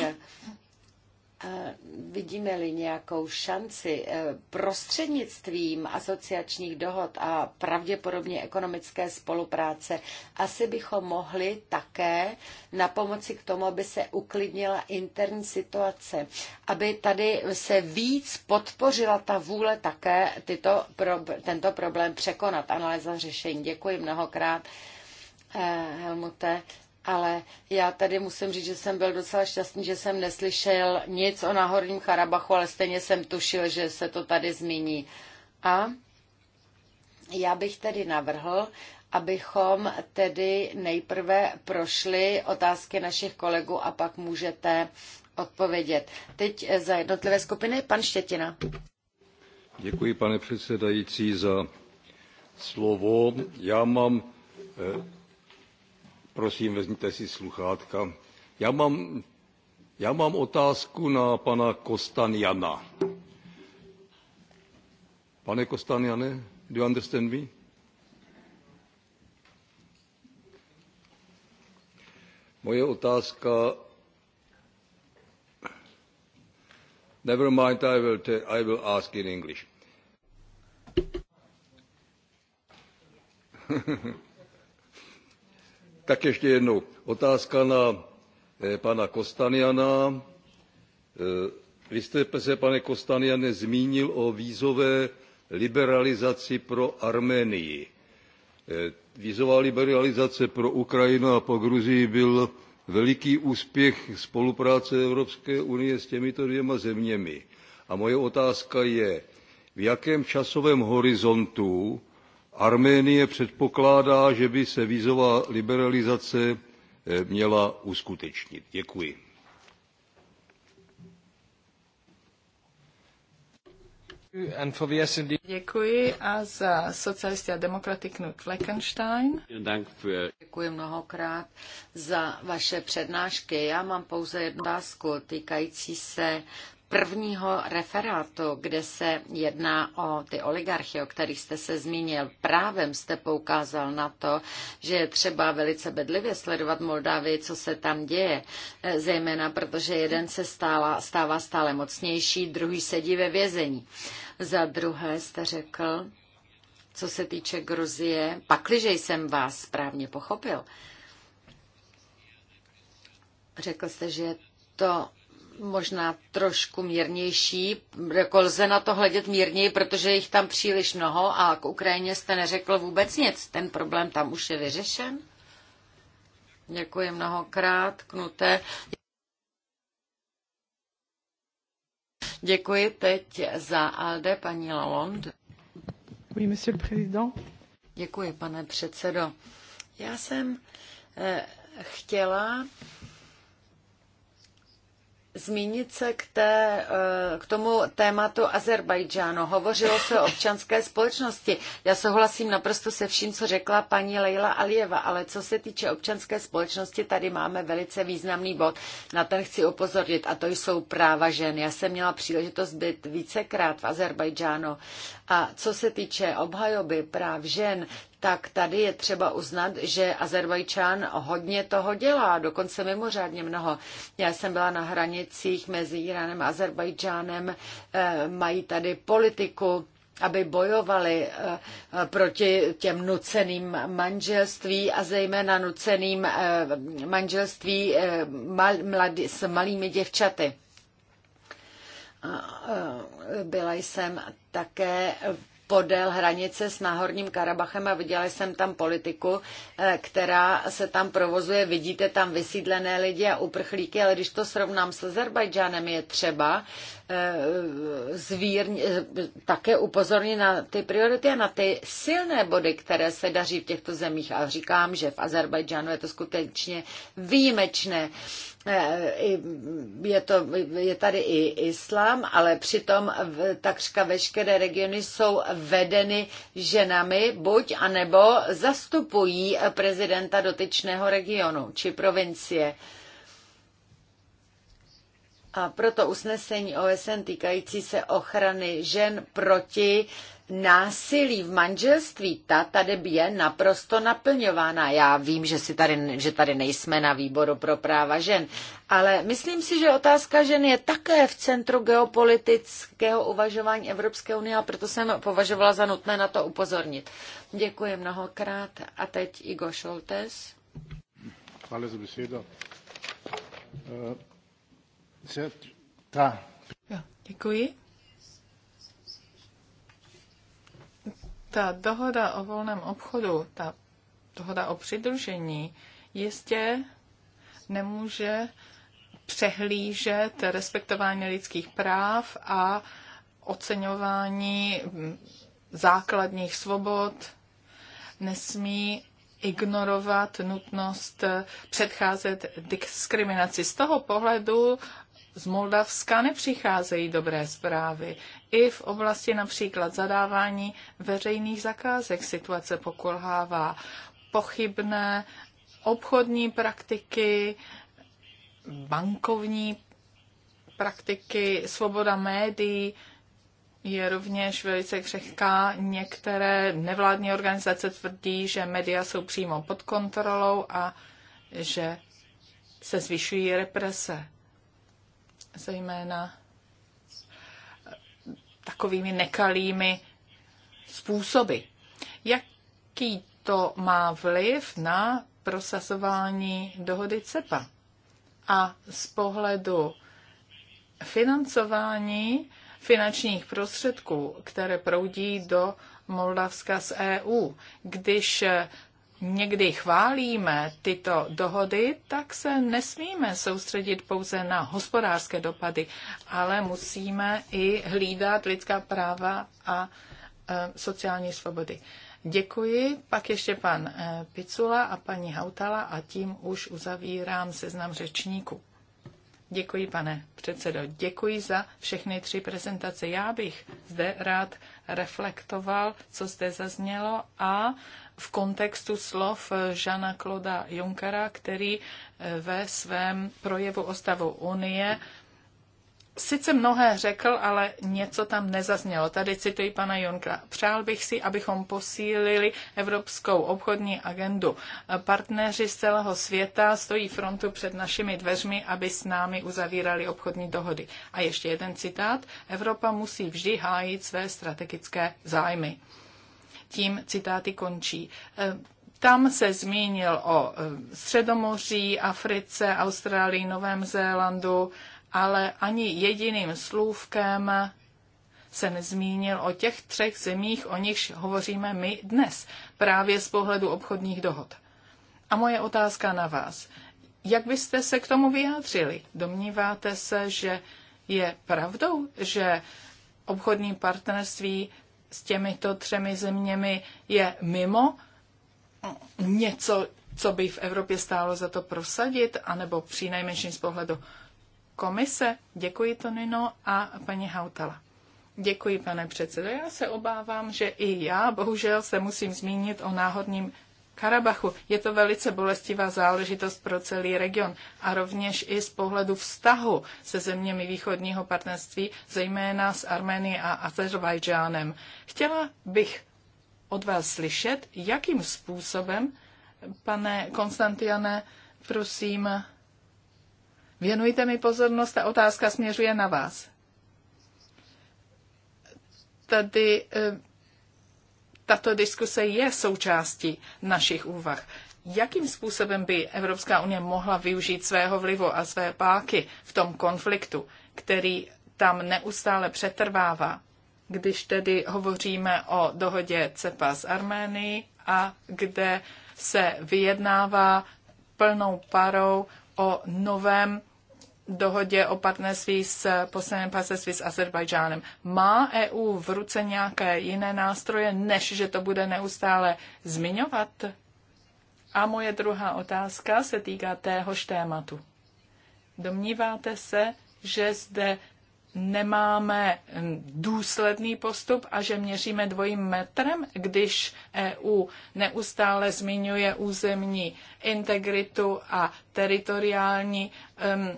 [SPEAKER 2] Eh, vidíme-li nějakou šanci eh, prostřednictvím asociačních dohod a pravděpodobně ekonomické spolupráce, asi bychom mohli také na pomoci k tomu, aby se uklidnila interní situace, aby tady se víc podpořila ta vůle také tyto, pro, tento problém překonat. Analýza řešení. Děkuji mnohokrát. Eh, Helmute, ale já tady musím říct, že jsem byl docela šťastný, že jsem neslyšel nic o náhorním Karabachu, ale stejně jsem tušil, že se to tady zmíní. A já bych tedy navrhl, abychom tedy nejprve prošli otázky našich kolegů a pak můžete odpovědět. Teď za jednotlivé skupiny pan Štětina.
[SPEAKER 1] Děkuji, pane předsedající, za slovo. Já mám eh, Prosím, vezměte si sluchátka. Já mám, já mám otázku na pana Kostaniana. Pane Kostaniane, do you understand me? Moje otázka Never mind, I will, t- I will ask in English. Tak ještě jednou otázka na eh, pana Kostaniana. Eh, vy jste se, pane Kostaniane, zmínil o vízové liberalizaci pro Arménii. Eh, vízová liberalizace pro Ukrajinu a pro Gruzii byl veliký úspěch spolupráce Evropské unie s těmito dvěma zeměmi. A moje otázka je, v jakém časovém horizontu Arménie předpokládá, že by se vízová liberalizace eh, měla uskutečnit. Děkuji.
[SPEAKER 3] Děkuji a za socialisty a demokraty Knut Fleckenstein. Děkuji mnohokrát za vaše
[SPEAKER 2] přednášky. Já mám pouze jednu otázku týkající se prvního referátu, kde se jedná o ty oligarchy, o kterých jste se zmínil, právem jste poukázal na to, že je třeba velice bedlivě sledovat Moldávii, co se tam děje, eh, zejména protože jeden se stála, stává stále mocnější, druhý sedí ve vězení. Za druhé jste řekl, co se týče Gruzie, pakliže jsem vás správně pochopil, řekl jste, že to možná trošku mírnější, jako lze na to hledět mírněji, protože jich tam příliš mnoho a k Ukrajině jste neřekl vůbec nic. Ten problém tam už je vyřešen. Děkuji mnohokrát, Knute. Děkuji teď za Alde, paní Lalonde.
[SPEAKER 3] Oui, monsieur le président.
[SPEAKER 2] Děkuji, pane předsedo. Já jsem eh, chtěla zmínit se k, té, eh, k tomu tématu Azerbajdžánu. Hovořilo se o občanské společnosti. Já souhlasím naprosto se vším, co řekla paní Leila Alieva, ale co se týče občanské společnosti, tady máme velice významný bod. Na ten chci upozornit a to jsou práva žen. Já jsem měla příležitost být vícekrát v Azerbajdžánu a co se týče obhajoby práv žen, tak tady je třeba uznat, že Azerbajdžán hodně toho dělá, dokonce mimořádně mnoho. Já jsem byla na hranicích mezi Iránem a Azerbajdžánem, eh, mají tady politiku, aby bojovali eh, proti těm nuceným manželství a zejména nuceným eh, manželství s malými děvčaty. Byla jsem také podél hranice s Náhorním Karabachem a viděla jsem tam politiku, eh, která se tam provozuje. Vidíte tam vysídlené lidi a uprchlíky, ale když to srovnám s Azerbajdžánem, je třeba eh, zvírně, eh, také upozornit na ty priority a na ty silné body, které se daří v těchto zemích. A říkám, že v Azerbajdžánu je to skutečně výjimečné. Eh, je, to, je tady i islám, ale přitom v, takřka veškeré regiony jsou vedeny ženami, buď anebo zastupují prezidenta dotyčného regionu či provincie. A proto usnesení OSN týkající se ochrany žen proti eh, násilí v manželství, ta tady je naprosto naplňována. Já vím, že, si tady, že tady nejsme na výboru pro práva žen, ale myslím si, že otázka žen je také v centru geopolitického uvažování Evropské unie a proto jsem považovala za nutné na to upozornit. Děkuji mnohokrát a teď Igo Šoltes.
[SPEAKER 1] Eh,
[SPEAKER 3] děkuji. ta dohoda o volném obchodu, ta dohoda o přidružení, jistě nemůže přehlížet respektování lidských práv a oceňování základních svobod, nesmí ignorovat nutnost předcházet diskriminaci. Z toho pohledu z Moldavska nepřicházejí dobré zprávy. I v oblasti například zadávání veřejných zakázek situace pokulhává. Pochybné obchodní praktiky, bankovní praktiky, svoboda médií je rovněž velice křehká. Některé nevládní organizace tvrdí, že média jsou přímo pod kontrolou a že se zvyšují represe zejména takovými nekalými způsoby. Jaký to má vliv na prosazování dohody CEPA? A z pohledu financování finančních prostředků, které proudí do Moldavska z EU, když někdy chválíme tyto dohody, tak se nesmíme soustředit pouze na hospodářské dopady, ale musíme i hlídat lidská práva a e, sociální svobody. Děkuji. Pak ještě pan e, Picula a paní Hautala a tím už uzavírám seznam řečníků. Děkuji, pane předsedo. Děkuji za všechny tři prezentace. Já bych zde rád reflektoval, co zde zaznělo a v kontextu slov Žana Kloda Junkera, který eh, ve svém projevu o stavu Unie sice mnohé řekl, ale něco tam nezaznělo. Tady cituji pana Junkera. Přál bych si, abychom posílili evropskou obchodní agendu. Partneři z celého světa stojí frontu před našimi dveřmi, aby s námi uzavírali obchodní dohody. A ještě jeden citát. Evropa musí vždy hájit své strategické zájmy tím citáty končí. E, tam se zmínil o e, Středomoří, Africe, Austrálii, Novém Zélandu, ale ani jediným slůvkem se nezmínil o těch třech zemích, o nichž hovoříme my dnes, právě z pohledu obchodních dohod. A moje otázka na vás. Jak byste se k tomu vyjádřili? Domníváte se, že je pravdou, že obchodní partnerství s těmito třemi zeměmi je mimo něco, co by v Evropě stálo za to prosadit, anebo nejmenším z pohledu komise. Děkuji, Tonino a paní Hautala. Děkuji, pane předsedo. Já se obávám, že i já bohužel se musím zmínit o náhodním Karabachu. Je to velice bolestivá záležitost pro celý region a rovněž i z pohledu vztahu se zeměmi východního partnerství, zejména s Arménií a Azerbajdžánem. Chtěla bych od vás slyšet, jakým způsobem, pane Konstantiane, prosím, věnujte mi pozornost, ta otázka směřuje na vás. Tady eh, tato diskuse je součástí našich úvah. Jakým způsobem by Evropská unie mohla využít svého vlivu a své páky v tom konfliktu, který tam neustále přetrvává, když tedy hovoříme o dohodě CEPA s Arménií a kde se vyjednává plnou parou o novém dohodě o partnerství s posledním partnerství s Azerbajdžánem. Má EU v ruce nějaké jiné nástroje, než že to bude neustále zmiňovat? A moje druhá otázka se týká téhož tématu. Domníváte se, že zde nemáme důsledný postup a že měříme dvojím metrem, když EU neustále zmiňuje územní integritu a teritoriální um,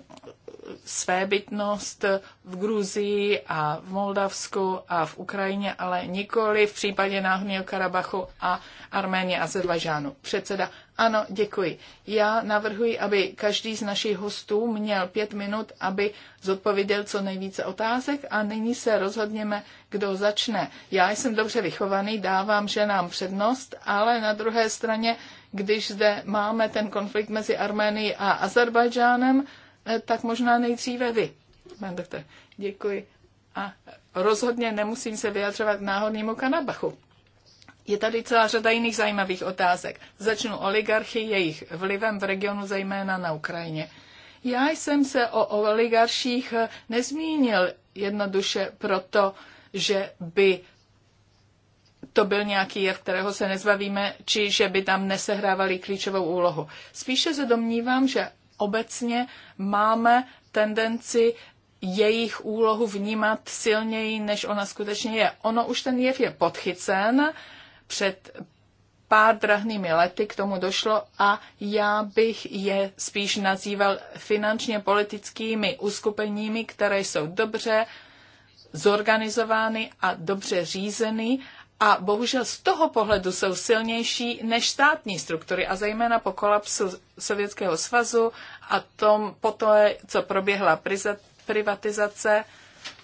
[SPEAKER 3] svébytnost v Gruzii a v Moldavsku a v Ukrajině, ale nikoli v případě Náhorního Karabachu a Arménie a Azerbajdžánu. Předseda, ano, děkuji. Já navrhuji, aby každý z našich hostů měl pět minut, aby zodpověděl co nejvíce otázek a nyní se rozhodněme, kdo začne. Já jsem dobře vychovaný, dávám ženám přednost, ale na druhé straně, když zde máme ten konflikt mezi Arménií a Azerbajdžánem, Eh, tak možná nejdříve vy, pan doktor. Děkuji. A rozhodně nemusím se vyjadřovat k náhodnému kanabachu. Je tady celá řada jiných zajímavých otázek. Začnu oligarchy jejich vlivem v regionu, zejména na Ukrajině. Já jsem se o oligarších eh, nezmínil jednoduše proto, že by to byl nějaký jev, kterého se nezbavíme, či že by tam nesehrávali klíčovou úlohu. Spíše se domnívám, že obecně máme tendenci jejich úlohu vnímat silněji, než ona skutečně je. Ono už ten jev je podchycen před pár drahnými lety k tomu došlo a já bych je spíš nazýval finančně politickými uskupeními, které jsou dobře zorganizovány a dobře řízeny a bohužel z toho pohledu jsou silnější než státní struktury a zejména po kolapsu Sovětského svazu a tom po to, co proběhla privatizace,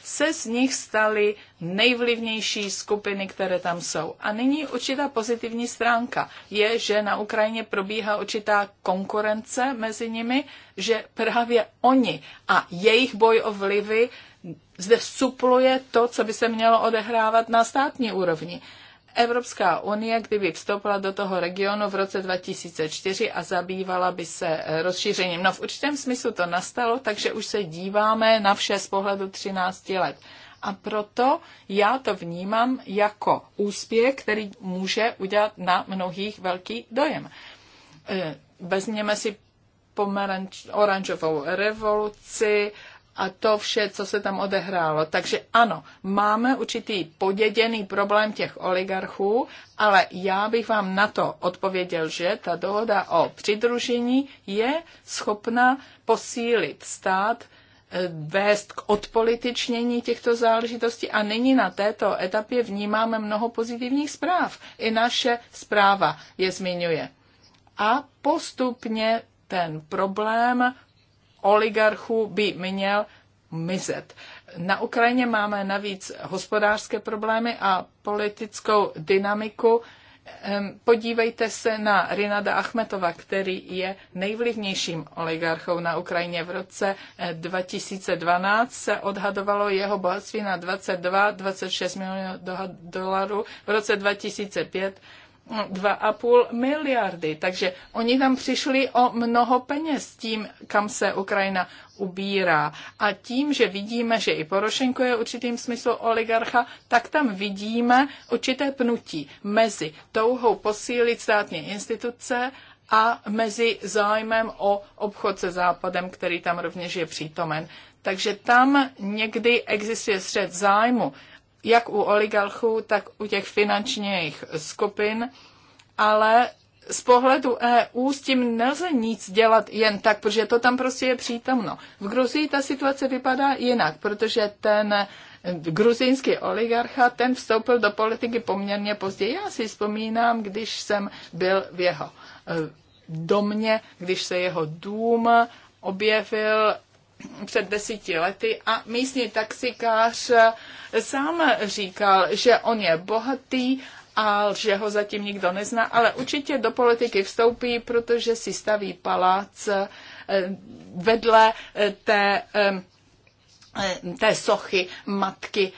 [SPEAKER 3] se z nich staly nejvlivnější skupiny, které tam jsou. A nyní určitá pozitivní stránka je, že na Ukrajině probíhá určitá konkurence mezi nimi, že právě oni a jejich boj o vlivy zde supluje to, co by se mělo odehrávat na státní úrovni. Evropská unie, kdyby vstoupila do toho regionu v roce 2004 a zabývala by se eh, rozšířením. No v určitém smyslu to nastalo, takže už se díváme na vše z pohledu 13 let. A proto já to vnímám jako úspěch, který může udělat na mnohých velký dojem. Eh, vezměme si pomeranč, oranžovou revoluci, a to vše, co se tam odehrálo. Takže ano, máme určitý poděděný problém těch oligarchů, ale já bych vám na to odpověděl, že ta dohoda o přidružení je schopna posílit stát, eh, vést k odpolitičnění těchto záležitostí a nyní na této etapě vnímáme mnoho pozitivních zpráv. I naše zpráva je zmiňuje. A postupně ten problém oligarchů by měl mizet. Na Ukrajině máme navíc hospodářské problémy a politickou dynamiku. Podívejte se na Rinada Achmetova, který je nejvlivnějším oligarchou na Ukrajině. V roce 2012 eh, se odhadovalo jeho bohatství na 22-26 milionů dolarů, v roce 2005 2,5 miliardy. Takže oni tam přišli o mnoho peněz tím, kam se Ukrajina ubírá. A tím, že vidíme, že i Porošenko je určitým smyslu oligarcha, tak tam vidíme určité pnutí mezi touhou posílit státní instituce a mezi zájmem o obchod se Západem, který tam rovněž je přítomen. Takže tam někdy existuje střed zájmu jak u oligarchů, tak u těch finančních skupin, ale z pohledu EU s tím nelze nic dělat jen tak, protože to tam prostě je přítomno. V Gruzii ta situace vypadá jinak, protože ten gruzínský oligarcha, ten vstoupil do politiky poměrně později. Já si vzpomínám, když jsem byl v jeho eh, domě, když se jeho dům objevil před desíti lety a místní taxikář sám říkal, že on je bohatý a že ho zatím nikdo nezná, ale určitě do politiky vstoupí, protože si staví palác eh, vedle eh, té, eh, té sochy matky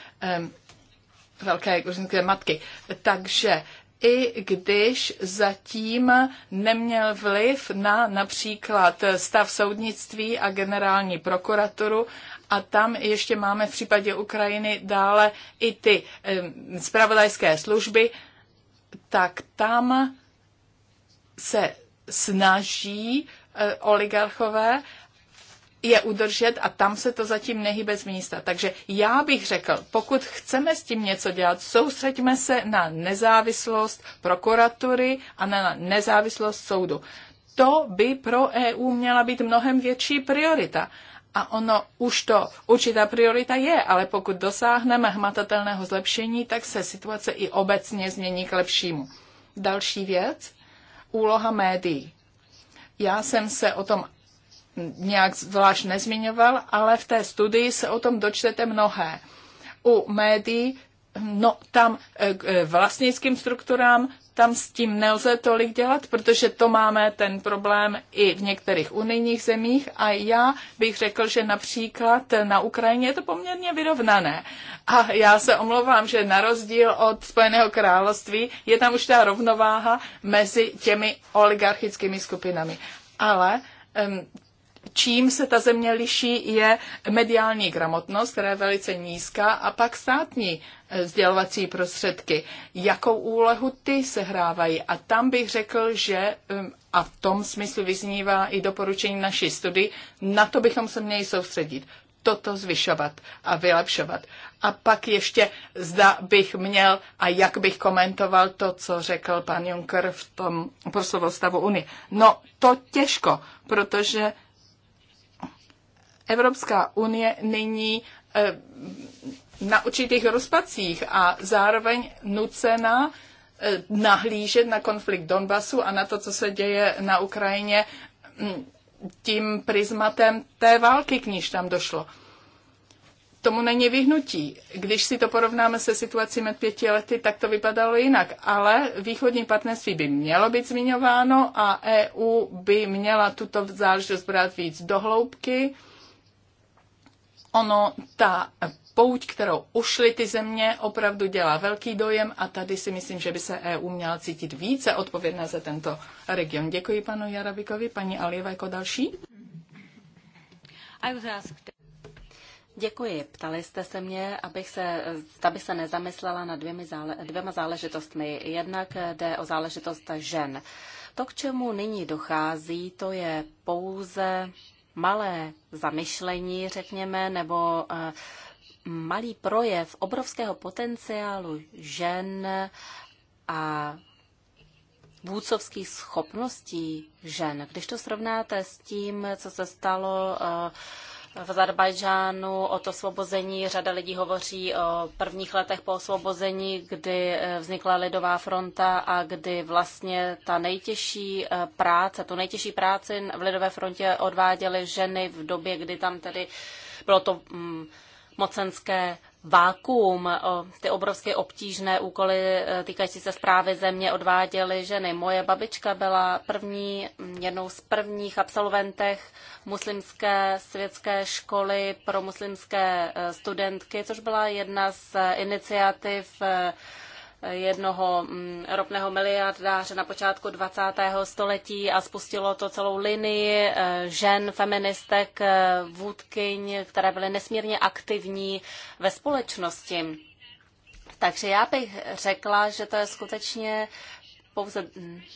[SPEAKER 3] velké matky. Takže i když zatím neměl vliv na například stav soudnictví a generální prokuraturu a tam ještě máme v případě Ukrajiny dále i ty zpravodajské služby, tak tam se snaží eh, oligarchové je udržet a tam se to zatím nehybe z místa. Takže já bych řekl, pokud chceme s tím něco dělat, soustřeďme se na nezávislost prokuratury a na nezávislost soudu. To by pro EU měla být mnohem větší priorita. A ono už to určitá priorita je, ale pokud dosáhneme hmatatelného zlepšení, tak se situace i obecně změní k lepšímu. Další věc, úloha médií. Já jsem se o tom nějak zvlášť nezmiňoval, ale v té studii se o tom dočtete mnohé. U médií, no tam eh, k eh, vlastnickým strukturám, tam s tím nelze tolik dělat, protože to máme ten problém i v některých unijních zemích a já bych řekl, že například na Ukrajině je to poměrně vyrovnané. A já se omlouvám, že na rozdíl od Spojeného království je tam už ta rovnováha mezi těmi oligarchickými skupinami. Ale čím se ta země liší, je mediální gramotnost, která je velice nízká, a pak státní vzdělovací eh, prostředky. Jakou úlohu ty sehrávají? A tam bych řekl, že, ehm, a v tom smyslu vyznívá i doporučení naší studii, na to bychom se měli soustředit toto zvyšovat a vylepšovat. A pak ještě zda bych měl a jak bych komentoval to, co řekl pan Juncker v tom proslovu stavu Unie. No to těžko, protože Evropská unie není eh, na určitých rozpacích a zároveň nucena eh, nahlížet na konflikt Donbasu a na to, co se děje na Ukrajině mm, tím prismatem té války, k níž tam došlo. Tomu není vyhnutí. Když si to porovnáme se situací med pěti lety, tak to vypadalo jinak. Ale východní partnerství by mělo být zmiňováno a EU by měla tuto záležitost brát víc do hloubky ono ta pouť, kterou ušly ty země, opravdu dělá velký dojem a tady si myslím, že by se EU měla cítit více odpovědná za tento region. Děkuji panu Jarabikovi, paní Alieva jako další.
[SPEAKER 4] Děkuji. Ptali jste se mě, abych se, aby se nezamyslela na dvěmi zále, dvěma záležitostmi. Jednak jde o záležitost žen. To, k čemu nyní dochází, to je pouze malé zamyšlení, řekněme, nebo eh, malý projev obrovského potenciálu žen a vůdcovských schopností žen. Když to srovnáte s tím, co se stalo eh, v Azerbajdžánu o to svobození Řada lidí hovoří o prvních letech po osvobození, kdy eh, vznikla Lidová fronta a kdy vlastně ta nejtěžší eh, práce, tu nejtěžší práci v Lidové frontě odváděly ženy v době, kdy tam tedy bylo to mm, mocenské vákuum. Ty obrovské obtížné úkoly e, týkající se zprávy země odváděly ženy. Moje babička byla první, jednou z prvních absolventech muslimské světské školy pro muslimské e, studentky, což byla jedna z iniciativ e, jednoho mm, ropného miliardáře na počátku 20. století a spustilo to celou linii eh, žen, feministek, eh, vůdkyň, které byly nesmírně aktivní ve společnosti. Takže já bych řekla, že to je skutečně pouze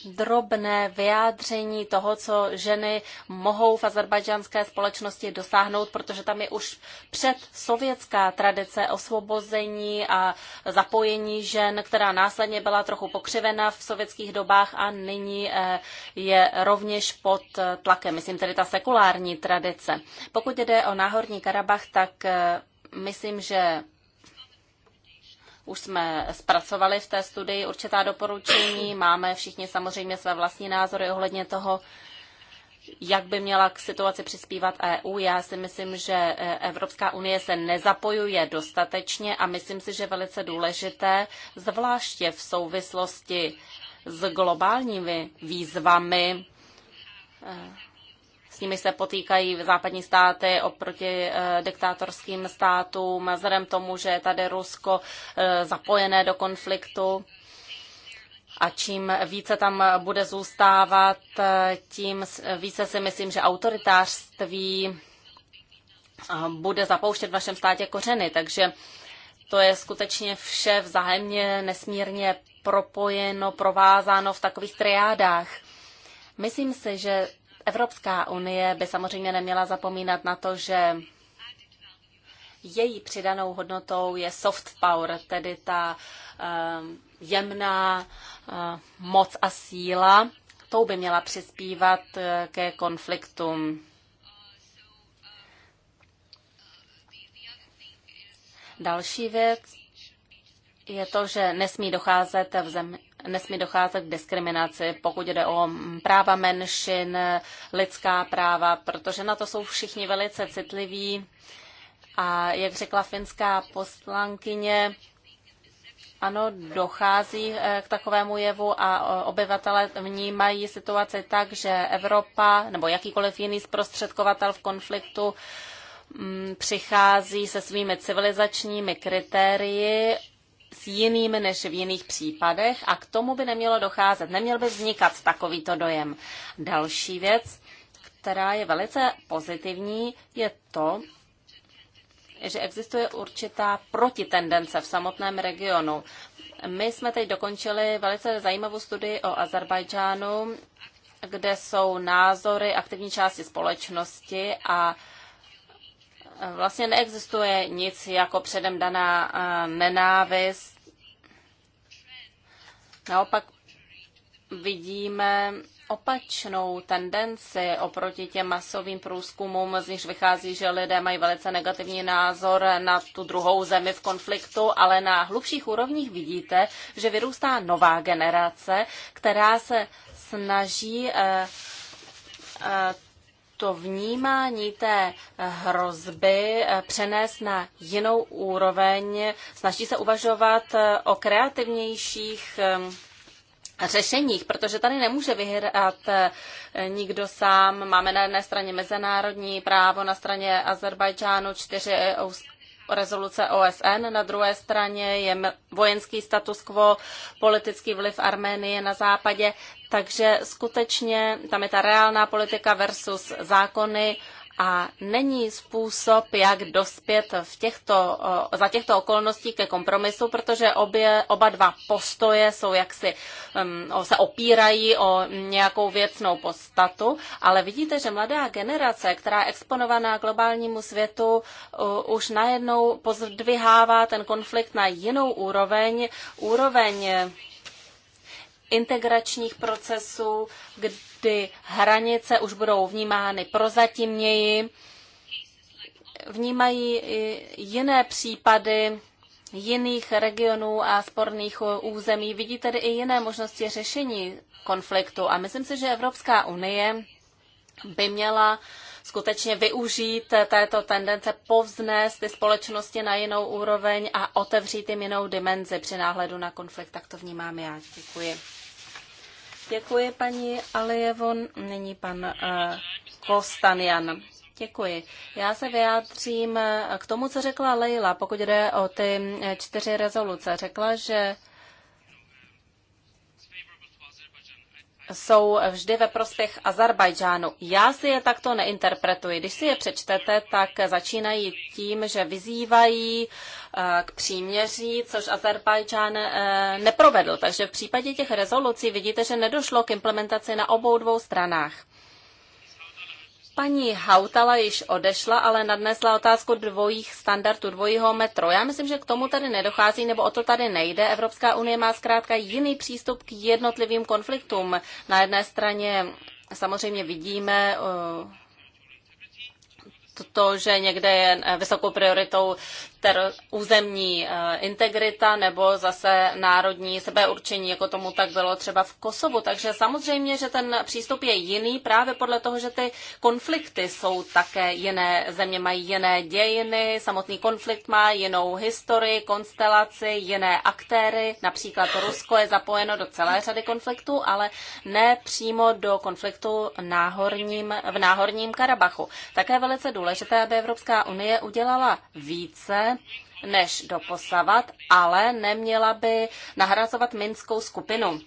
[SPEAKER 4] drobné vyjádření toho, co ženy mohou v azerbajdžanské společnosti dosáhnout, protože tam je už před sovětská tradice osvobození a zapojení žen, která následně byla trochu pokřivena v sovětských dobách a nyní eh, je rovněž pod eh, tlakem, myslím tedy ta sekulární tradice. Pokud jde o Náhorní Karabach, tak eh, myslím, že už jsme zpracovali v té studii určitá doporučení, máme všichni samozřejmě své vlastní názory ohledně toho, jak by měla k situaci přispívat EU. Já si myslím, že Evropská unie se nezapojuje dostatečně a myslím si, že je velice důležité, zvláště v souvislosti s globálními výzvami, eh, s nimi se potýkají západní státy oproti eh, diktátorským státům, vzhledem tomu, že je tady Rusko eh, zapojené do konfliktu. A čím více tam bude zůstávat, eh, tím více si myslím, že autoritářství bude zapouštět v našem státě kořeny. Takže to je skutečně vše vzájemně nesmírně propojeno, provázáno v takových triádách. Myslím si, že Evropská unie by samozřejmě neměla zapomínat na to, že její přidanou hodnotou je soft power, tedy ta eh, jemná eh, moc a síla. Tou by měla přispívat eh, ke konfliktům. Další věc je to, že nesmí docházet v zemi nesmí docházet k diskriminaci, pokud jde o práva menšin, lidská práva, protože na to jsou všichni velice citliví. A jak řekla finská poslankyně, ano, dochází eh, k takovému jevu a eh, obyvatele vnímají situaci tak, že Evropa nebo jakýkoliv jiný zprostředkovatel v konfliktu mm, přichází se svými civilizačními kritérii s jinými než v jiných případech a k tomu by nemělo docházet, neměl by vznikat takovýto dojem. Další věc, která je velice pozitivní, je to, že existuje určitá protitendence v samotném regionu. My jsme teď dokončili velice zajímavou studii o Azerbajdžánu, kde jsou názory aktivní části společnosti a vlastně neexistuje nic jako předem daná eh, nenávist. Naopak vidíme opačnou tendenci oproti těm masovým průzkumům, z nichž vychází, že lidé mají velice negativní názor na tu druhou zemi v konfliktu, ale na hlubších úrovních vidíte, že vyrůstá nová generace, která se snaží eh, eh, to vnímání té hrozby eh, přenést na jinou úroveň, snaží se uvažovat eh, o kreativnějších eh, řešeních, protože tady nemůže vyhrát nikdo sám. Máme na jedné straně mezinárodní právo, na straně Azerbajdžánu čtyři rezoluce OSN, na druhé straně je vojenský status quo, politický vliv Arménie na západě, takže skutečně tam je ta reálná politika versus zákony, a není způsob, jak dospět v těchto, za těchto okolností ke kompromisu, protože obě, oba dva postoje jsou jaksi, um, se opírají o nějakou věcnou podstatu, ale vidíte, že mladá generace, která je exponovaná globálnímu světu, uh, už najednou pozdvihává ten konflikt na jinou úroveň, úroveň integračních procesů, kdy hranice už budou vnímány prozatímněji, vnímají jiné případy jiných regionů a sporných území. Vidí tedy i jiné možnosti řešení konfliktu. A myslím si, že Evropská unie by měla skutečně využít této tendence, povznést ty společnosti na jinou úroveň a otevřít jim jinou dimenzi při náhledu na konflikt. Tak to vnímám já. Děkuji. Děkuji paní Alijevo, nyní pan uh, Kostanian. Děkuji. Já se vyjádřím eh, k tomu, co řekla Leila, pokud jde o ty eh, čtyři rezoluce. Řekla, že jsou vždy ve prospěch Azerbajdžánu. Já si je takto neinterpretuji. Když si je přečtete, tak začínají tím, že vyzývají Eh, k příměří, což Azerbajdžán eh, neprovedl. Takže v případě těch rezolucí vidíte, že nedošlo k implementaci na obou dvou stranách. Paní Hautala již odešla, ale nadnesla otázku dvojích standardů, dvojího metru. Já myslím, že k tomu tady nedochází, nebo o to tady nejde. Evropská unie má zkrátka jiný přístup k jednotlivým konfliktům. Na jedné straně samozřejmě vidíme eh, to, že někde je vysokou prioritou ter, územní eh, integrita nebo zase národní sebeurčení, jako tomu tak bylo třeba v Kosovu. Takže samozřejmě, že ten přístup je jiný právě podle toho, že ty konflikty jsou také jiné. Země mají jiné dějiny, samotný konflikt má jinou historii, konstelaci, jiné aktéry. Například Rusko je zapojeno do celé řady konfliktů, ale ne přímo do konfliktu náhorním, v náhorním Karabachu. Také velice důležité, aby Evropská unie udělala více než doposavat, ale neměla by nahrazovat minskou skupinu.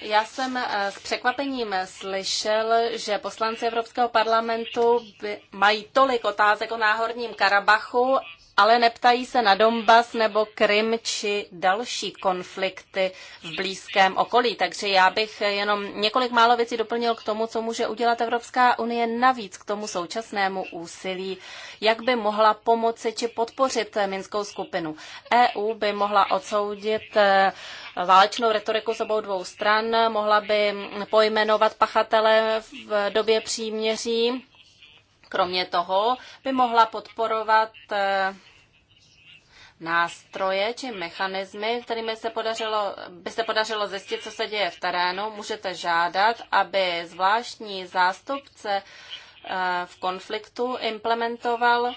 [SPEAKER 4] Já jsem eh, s překvapením slyšel, že poslanci Evropského parlamentu mají tolik otázek o náhorním Karabachu ale neptají se na Donbas nebo Krym či další konflikty v blízkém okolí. Takže já bych jenom několik málo věcí doplnil k tomu, co může udělat Evropská unie navíc k tomu současnému úsilí, jak by mohla pomoci či podpořit Minskou skupinu. EU by mohla odsoudit eh, válečnou retoriku z obou dvou stran, mohla by pojmenovat pachatele v době příměří Kromě toho by mohla podporovat eh, nástroje či mechanismy, kterými se podařilo, by se podařilo zjistit, co se děje v terénu. Můžete žádat, aby zvláštní zástupce eh, v konfliktu implementoval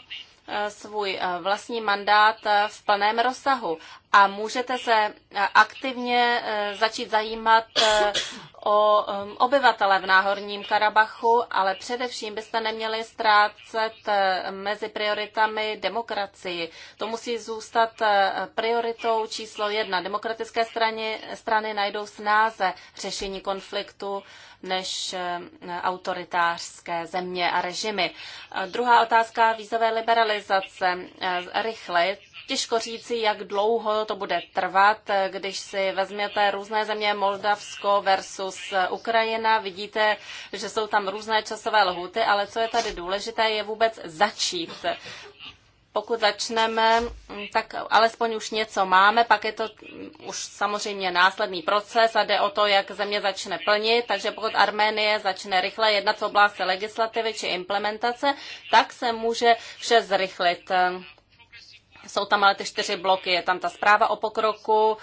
[SPEAKER 4] eh, svůj vlastní mandát v plném rozsahu a můžete se eh, aktivně eh, začít zajímat eh, o um, obyvatele v Náhorním Karabachu, ale především byste neměli ztrácet mezi prioritami demokracii. To musí zůstat prioritou číslo jedna. Demokratické strany, strany najdou snáze řešení konfliktu než autoritářské země a režimy. Druhá otázka vízové liberalizace. Rychlit Těžko říci, jak dlouho to bude trvat, když si vezměte různé země Moldavsko versus Ukrajina. Vidíte, že jsou tam různé časové lhuty, ale co je tady důležité, je vůbec začít pokud začneme, tak alespoň už něco máme, pak je to už samozřejmě následný proces a jde o to, jak země začne plnit, takže pokud Arménie začne rychle jednat v oblasti legislativy či implementace, tak se může vše zrychlit. Jsou tam ale ty čtyři bloky. Je tam ta zpráva o pokroku,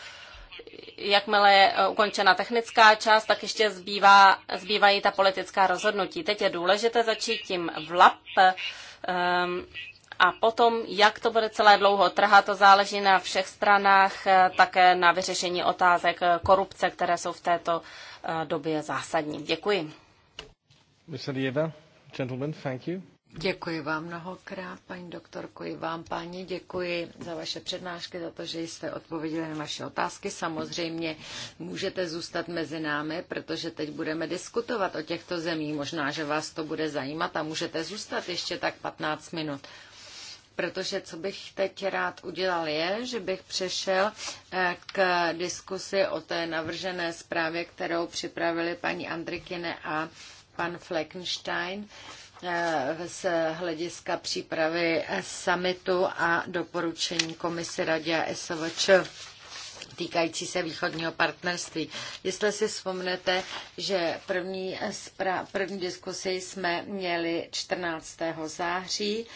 [SPEAKER 4] jakmile je ukončena technická část, tak ještě zbývá, zbývají ta politická rozhodnutí. Teď je důležité začít tím vlap um, a potom, jak to bude celé dlouho trhat, to záleží na všech stranách, eh, také na vyřešení otázek eh, korupce, které jsou v této eh, době zásadní. Děkuji.
[SPEAKER 1] Mr. Lieber, gentlemen, thank you.
[SPEAKER 4] Děkuji
[SPEAKER 2] vám mnohokrát, paní doktorko, i vám, páni, děkuji za vaše přednášky, za to, že jste odpověděli na naše otázky. Samozřejmě můžete zůstat mezi námi, protože teď budeme diskutovat o těchto zemích. Možná, že vás to bude zajímat a můžete zůstat ještě tak 15 minut. Protože co bych teď rád udělal je, že bych přešel eh, k diskusi o té navržené zprávě, kterou připravili paní Andrikine a pan Fleckenstein. Eh, z hlediska přípravy summitu a doporučení komisi radě a SVČ týkající se východního partnerství. Jestli si vzpomnete, že první, první diskusi jsme měli 14. září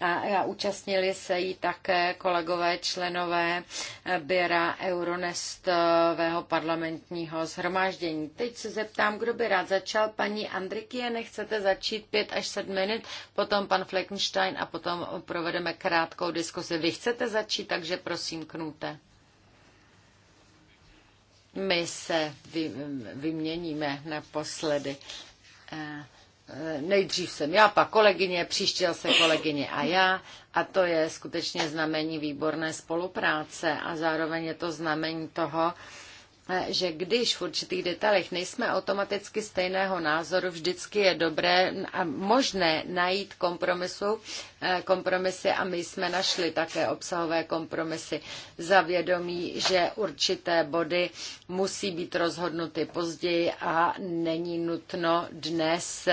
[SPEAKER 2] a účastnili se jí také kolegové členové eh, Běra Euronestového parlamentního zhromáždění. Teď se zeptám, kdo by rád začal. Paní Andrikie, nechcete začít pět až sedm minut, potom pan Fleckenstein a potom provedeme krátkou diskusi. Vy chcete začít, takže prosím, knute. My se vy, vyměníme naposledy. E, nejdřív jsem já, pak kolegyně, příště se kolegyně a já. A to je skutečně znamení výborné spolupráce a zároveň je to znamení toho, že když v určitých detailech nejsme automaticky stejného názoru, vždycky je dobré a možné najít kompromisu, eh, kompromisy a my jsme našli také obsahové kompromisy za vědomí, že určité body musí být rozhodnuty později a není nutno dnes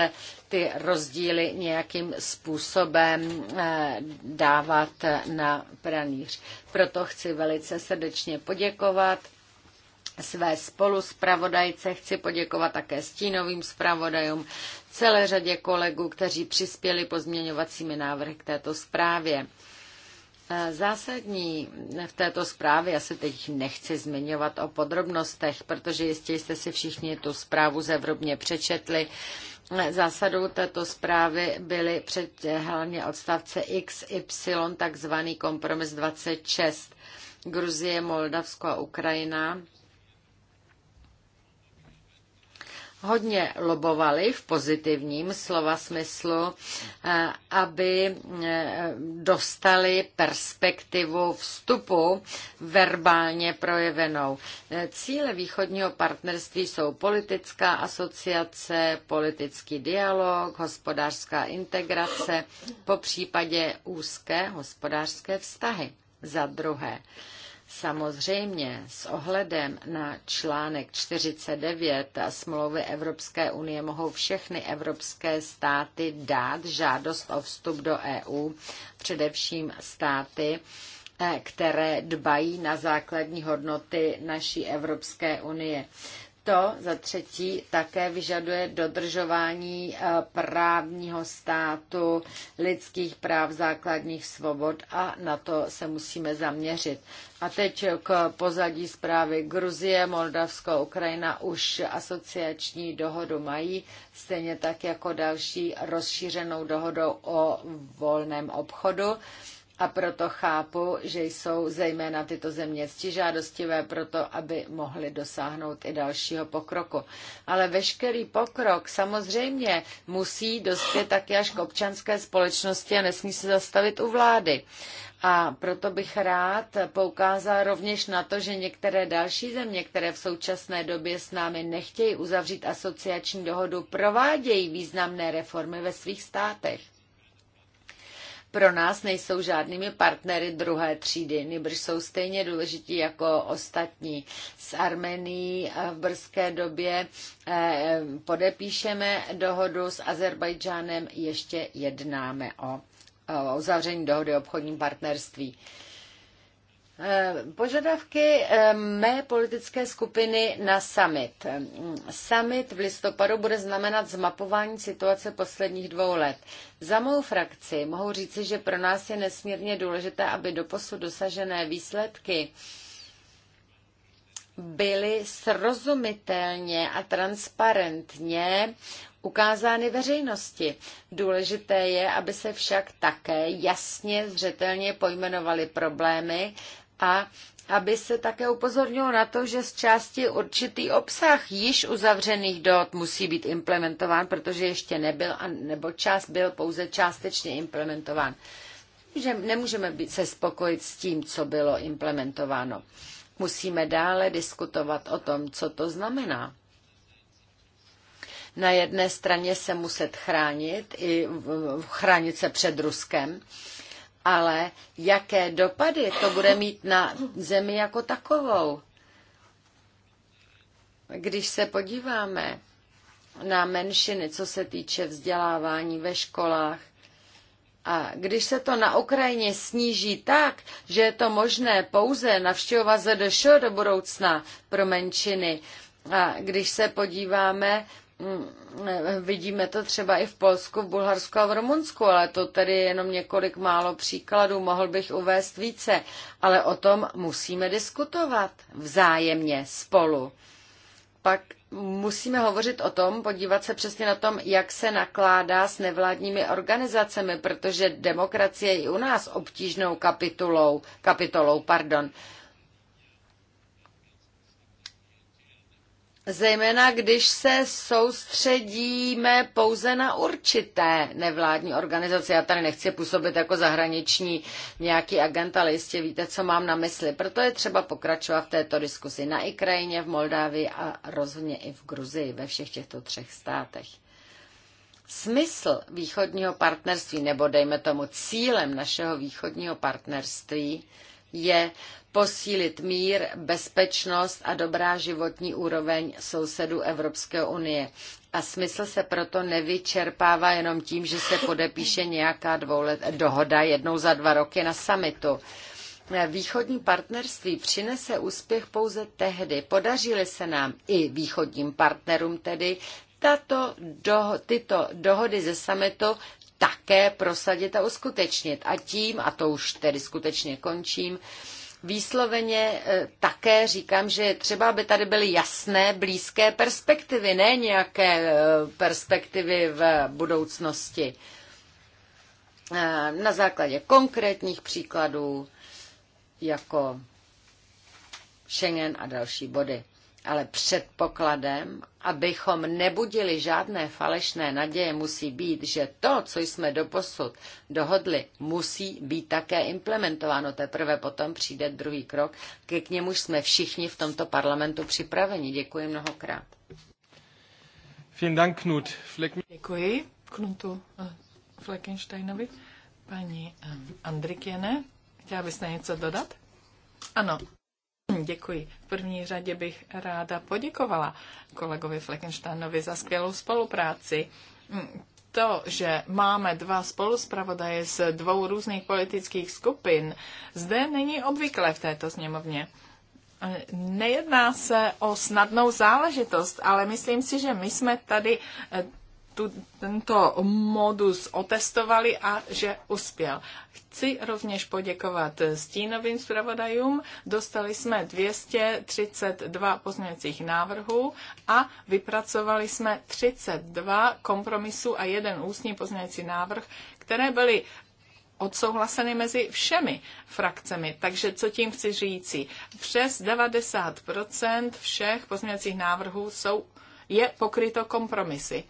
[SPEAKER 2] ty rozdíly nějakým způsobem eh, dávat na pranýř. Proto chci velice srdečně poděkovat své spoluspravodajce. Chci poděkovat také stínovým zpravodajům, celé řadě kolegů, kteří přispěli pozměňovacími návrhy k této zprávě. E, zásadní v této zprávě, já se teď nechci zmiňovat o podrobnostech, protože jistě jste si všichni tu zprávu zevrubně přečetli, e, Zásadou této zprávy byly před e, hlavně odstavce XY, takzvaný kompromis 26. Gruzie, Moldavsko a Ukrajina hodně lobovali v pozitivním slova smyslu, eh, aby eh, dostali perspektivu vstupu verbálně projevenou. Eh, cíle východního partnerství jsou politická asociace, politický dialog, hospodářská integrace, po případě úzké hospodářské vztahy. Za druhé, Samozřejmě s ohledem na článek 49 a smlouvy Evropské unie mohou všechny evropské státy dát žádost o vstup do EU, především státy, eh, které dbají na základní hodnoty naší Evropské unie. To za třetí také vyžaduje dodržování eh, právního státu, lidských práv, základních svobod a na to se musíme zaměřit. A teď k pozadí zprávy Gruzie, Moldavsko, Ukrajina už asociační dohodu mají, stejně tak jako další rozšířenou dohodou o volném obchodu a proto chápu, že jsou zejména tyto země ctižádostivé proto, aby mohly dosáhnout i dalšího pokroku. Ale veškerý pokrok samozřejmě musí dospět taky až k občanské společnosti a nesmí se zastavit u vlády. A proto bych rád poukázal rovněž na to, že některé další země, které v současné době s námi nechtějí uzavřít asociační dohodu, provádějí významné reformy ve svých státech pro nás nejsou žádnými partnery druhé třídy, nebož jsou stejně důležití jako ostatní. S Armenií eh, v brzké době eh, podepíšeme dohodu s Azerbajdžánem, ještě jednáme o uzavření dohody o obchodním partnerství. Eh, požadavky eh, mé politické skupiny na summit. Summit v listopadu bude znamenat zmapování situace posledních dvou let. Za mou frakci mohu říci, že pro nás je nesmírně důležité, aby doposud dosažené výsledky byly srozumitelně a transparentně ukázány veřejnosti. Důležité je, aby se však také jasně, zřetelně pojmenovaly problémy a aby se také upozornilo na to, že z části určitý obsah již uzavřených dohod musí být implementován, protože ještě nebyl, nebo část byl pouze částečně implementován. Že nemůžeme být, se spokojit s tím, co bylo implementováno. Musíme dále diskutovat o tom, co to znamená. Na jedné straně se muset chránit, i chránit se před Ruskem, ale jaké dopady to bude mít na zemi jako takovou? Když se podíváme na menšiny, co se týče vzdělávání ve školách, a když se to na Ukrajině sníží tak, že je to možné pouze navštěvovat ZDŠ do budoucna pro menšiny, a když se podíváme Mm, vidíme to třeba i v Polsku, v Bulharsku a v Rumunsku, ale to tedy je jenom několik málo příkladů, mohl bych uvést více, ale o tom musíme diskutovat vzájemně spolu. Pak musíme hovořit o tom, podívat se přesně na tom, jak se nakládá s nevládními organizacemi, protože demokracie je i u nás obtížnou kapitulou, kapitolou. Pardon. zejména když se soustředíme pouze na určité nevládní organizace. Já tady nechci působit jako zahraniční nějaký agent, ale jistě víte, co mám na mysli. Proto je třeba pokračovat v této diskusi na Ukrajině, v Moldávii a rozhodně i v Gruzii, ve všech těchto třech státech. Smysl východního partnerství, nebo dejme tomu cílem našeho východního partnerství, je posílit mír, bezpečnost a dobrá životní úroveň sousedů Evropské unie. A smysl se proto nevyčerpává jenom tím, že se podepíše nějaká dvoulet, dohoda jednou za dva roky na summitu. Východní partnerství přinese úspěch pouze tehdy. Podařili se nám i východním partnerům tedy tato doho- tyto dohody ze summitu také prosadit a uskutečnit. A tím, a to už tedy skutečně končím, výsloveně eh, také říkám, že třeba by tady byly jasné blízké perspektivy, ne nějaké eh, perspektivy v budoucnosti. Eh, na základě konkrétních příkladů jako Schengen a další body. Ale předpokladem, abychom nebudili žádné falešné naděje, musí být, že to, co jsme doposud dohodli, musí být také implementováno. Teprve potom přijde druhý krok, ke k němuž jsme všichni v tomto parlamentu připraveni. Děkuji mnohokrát.
[SPEAKER 1] Vielen Dank, Knut.
[SPEAKER 3] Děkuji Knutu eh, Fleckensteinovi. Paní eh, Andrikiene, chtěla byste něco dodat? Ano, Hmm, děkuji. V první řadě bych ráda poděkovala kolegovi Fleckensteinovi za skvělou spolupráci hmm, to, že máme dva spoluspravodaje z dvou různých politických skupin, zde není obvyklé v této sněmovně. Eh, nejedná se o snadnou záležitost, ale myslím si, že my jsme tady eh, tu, tento modus otestovali a že uspěl. Chci rovněž poděkovat stínovým zpravodajům. Dostali jsme 232 pozměňovacích návrhů a vypracovali jsme 32 kompromisů a jeden ústní pozměňovací návrh, které byly odsouhlaseny mezi všemi frakcemi. Takže co tím chci říci? Přes 90% všech pozměňovacích návrhů jsou, je pokryto kompromisy.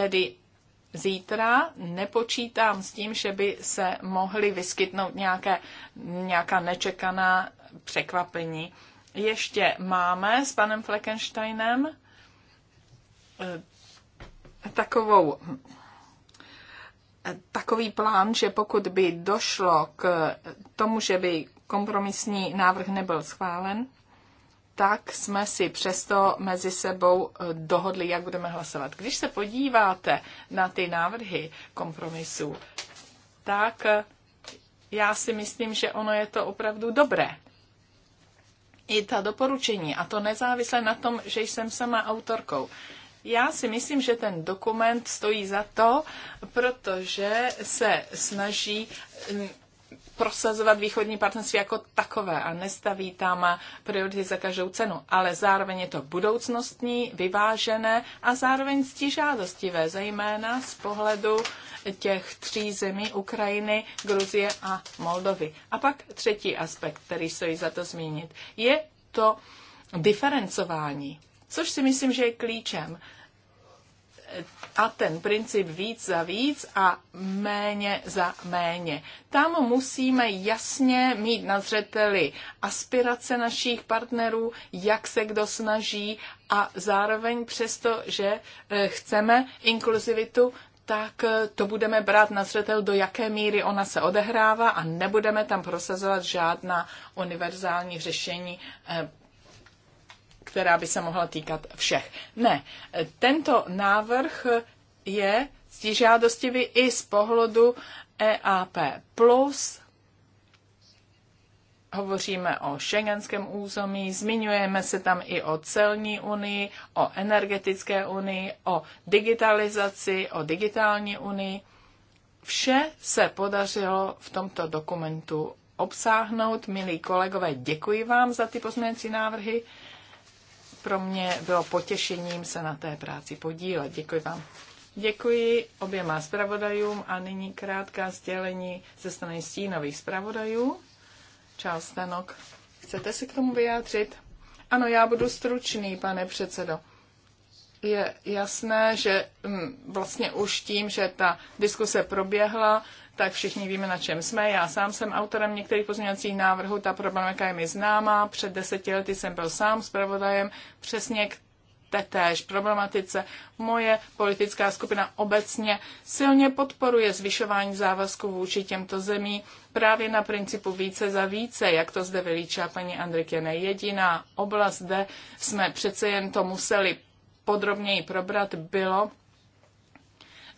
[SPEAKER 3] Tedy zítra nepočítám s tím, že by se mohly vyskytnout nějaké, nějaká nečekaná překvapení. Ještě máme s panem Fleckensteinem eh, takovou eh, takový plán, že pokud by došlo k tomu, že by kompromisní návrh nebyl schválen, tak jsme si přesto mezi sebou eh, dohodli, jak budeme hlasovat. Když se podíváte na ty návrhy kompromisů, tak eh, já si myslím, že ono je to opravdu dobré. I ta doporučení, a to nezávisle na tom, že jsem sama autorkou. Já si myslím, že ten dokument stojí za to, protože se snaží mm, prosazovat východní partnerství jako takové a nestaví tam priority za každou cenu, ale zároveň je to budoucnostní, vyvážené a zároveň stižádostivé, zejména z pohledu těch tří zemí Ukrajiny, Gruzie a Moldovy. A pak třetí aspekt, který stojí za to zmínit, je to diferencování, což si myslím, že je klíčem a ten princip víc za víc a méně za méně. Tam musíme jasně mít na zřeteli aspirace našich partnerů, jak se kdo snaží a zároveň přesto, že eh, chceme inkluzivitu, tak eh, to budeme brát na zřetel, do jaké míry ona se odehrává a nebudeme tam prosazovat žádná univerzální řešení eh, která by se mohla týkat všech. Ne, tento návrh je stížádostivý i z pohledu EAP+. Plus. Hovoříme o šengenském území, zmiňujeme se tam i o celní unii, o energetické unii, o digitalizaci, o digitální unii. Vše se podařilo v tomto dokumentu obsáhnout. Milí kolegové, děkuji vám za ty pozměňující návrhy pro mě bylo potěšením se na té práci podílet. Děkuji vám. Děkuji oběma zpravodajům a nyní krátká sdělení ze strany stínových zpravodajů. Čau, Stanok. Chcete se k tomu vyjádřit? Ano, já budu stručný, pane předsedo. Je jasné, že mm, vlastně už tím, že ta diskuse proběhla, tak všichni víme, na čem jsme. Já sám jsem autorem některých pozměňovacích návrhů, ta problematika je mi známá. Před deseti lety jsem byl sám zpravodajem přesně k tetéž problematice. Moje politická skupina obecně silně podporuje zvyšování závazků vůči těmto zemí právě na principu více za více, jak to zde vylíčá paní je nejediná oblast, kde jsme přece jen to museli podrobněji probrat, bylo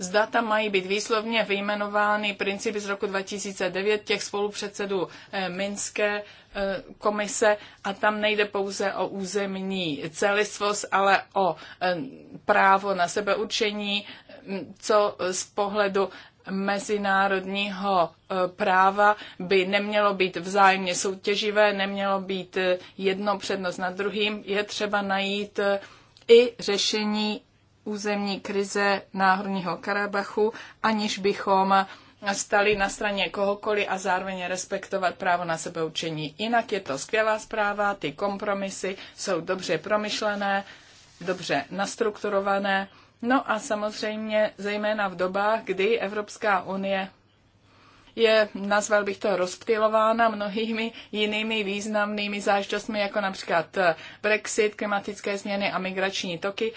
[SPEAKER 3] Zda tam mají být výslovně vyjmenovány principy z roku 2009 těch spolupředsedů eh, Minské eh, komise a tam nejde pouze o územní celistvost, ale o eh, právo na sebeurčení, hm, co z pohledu mezinárodního práva by nemělo být vzájemně soutěživé, nemělo být jedno přednost nad druhým. Je třeba najít i řešení územní krize Náhorního Karabachu, aniž bychom stali na straně kohokoliv a zároveň respektovat právo na sebeučení. Jinak je to skvělá zpráva, ty kompromisy jsou dobře promyšlené, dobře nastrukturované, no a samozřejmě zejména v dobách, kdy Evropská unie je, nazval bych to, rozptilována mnohými jinými významnými záležitostmi, jako například Brexit, klimatické změny a migrační toky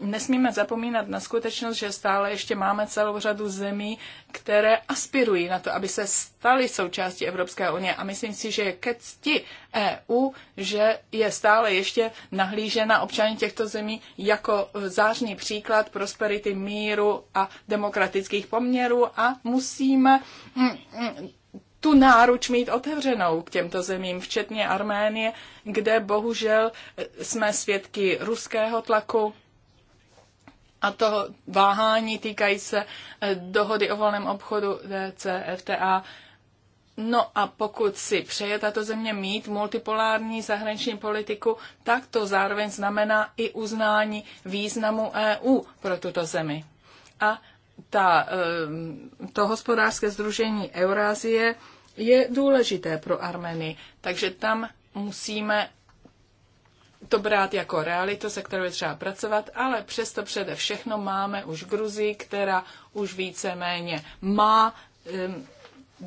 [SPEAKER 3] nesmíme zapomínat na skutečnost, že stále ještě máme celou řadu zemí, které aspirují na to, aby se staly součástí Evropské unie. A myslím si, že je ke cti EU, že je stále ještě nahlížena občany těchto zemí jako e, zářný příklad prosperity míru a demokratických poměrů a musíme mm, mm, tu náruč mít otevřenou k těmto zemím, včetně Arménie, kde bohužel e, jsme svědky ruského tlaku, a toho váhání týkají se eh, dohody o volném obchodu CFTA. No a pokud si přeje tato země mít multipolární zahraniční politiku, tak to zároveň znamená i uznání významu EU pro tuto zemi. A ta, eh, to hospodářské združení Eurázie je důležité pro Armenii, takže tam musíme to brát jako realitu, se kterou je třeba pracovat, ale přesto přede všechno máme už Gruzii, která už víceméně má um,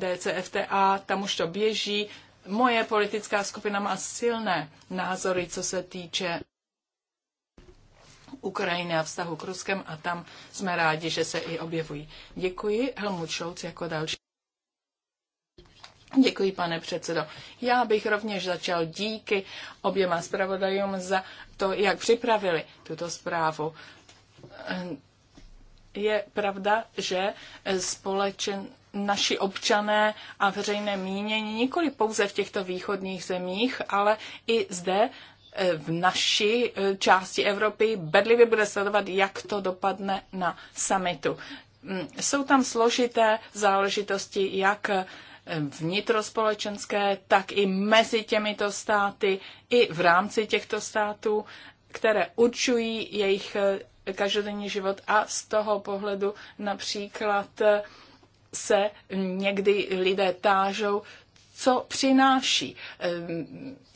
[SPEAKER 3] DCFTA, tam už to běží. Moje politická skupina má silné názory, co se týče Ukrajiny a vztahu k Ruskem a tam jsme rádi, že se i objevují. Děkuji Helmut Šouc jako další. Děkuji, pane předsedo. Já bych rovněž začal díky oběma zpravodajům za to, jak připravili tuto zprávu. Je pravda, že společen, naši občané a veřejné mínění nikoli pouze v těchto východních zemích, ale i zde eh, v naší eh, části Evropy bedlivě bude sledovat, jak to dopadne na samitu. Mm, jsou tam složité záležitosti, jak vnitrospolečenské, tak i mezi těmito státy, i v rámci těchto států, které určují jejich eh, každodenní život a z toho pohledu například eh, se někdy lidé tážou, co přináší eh,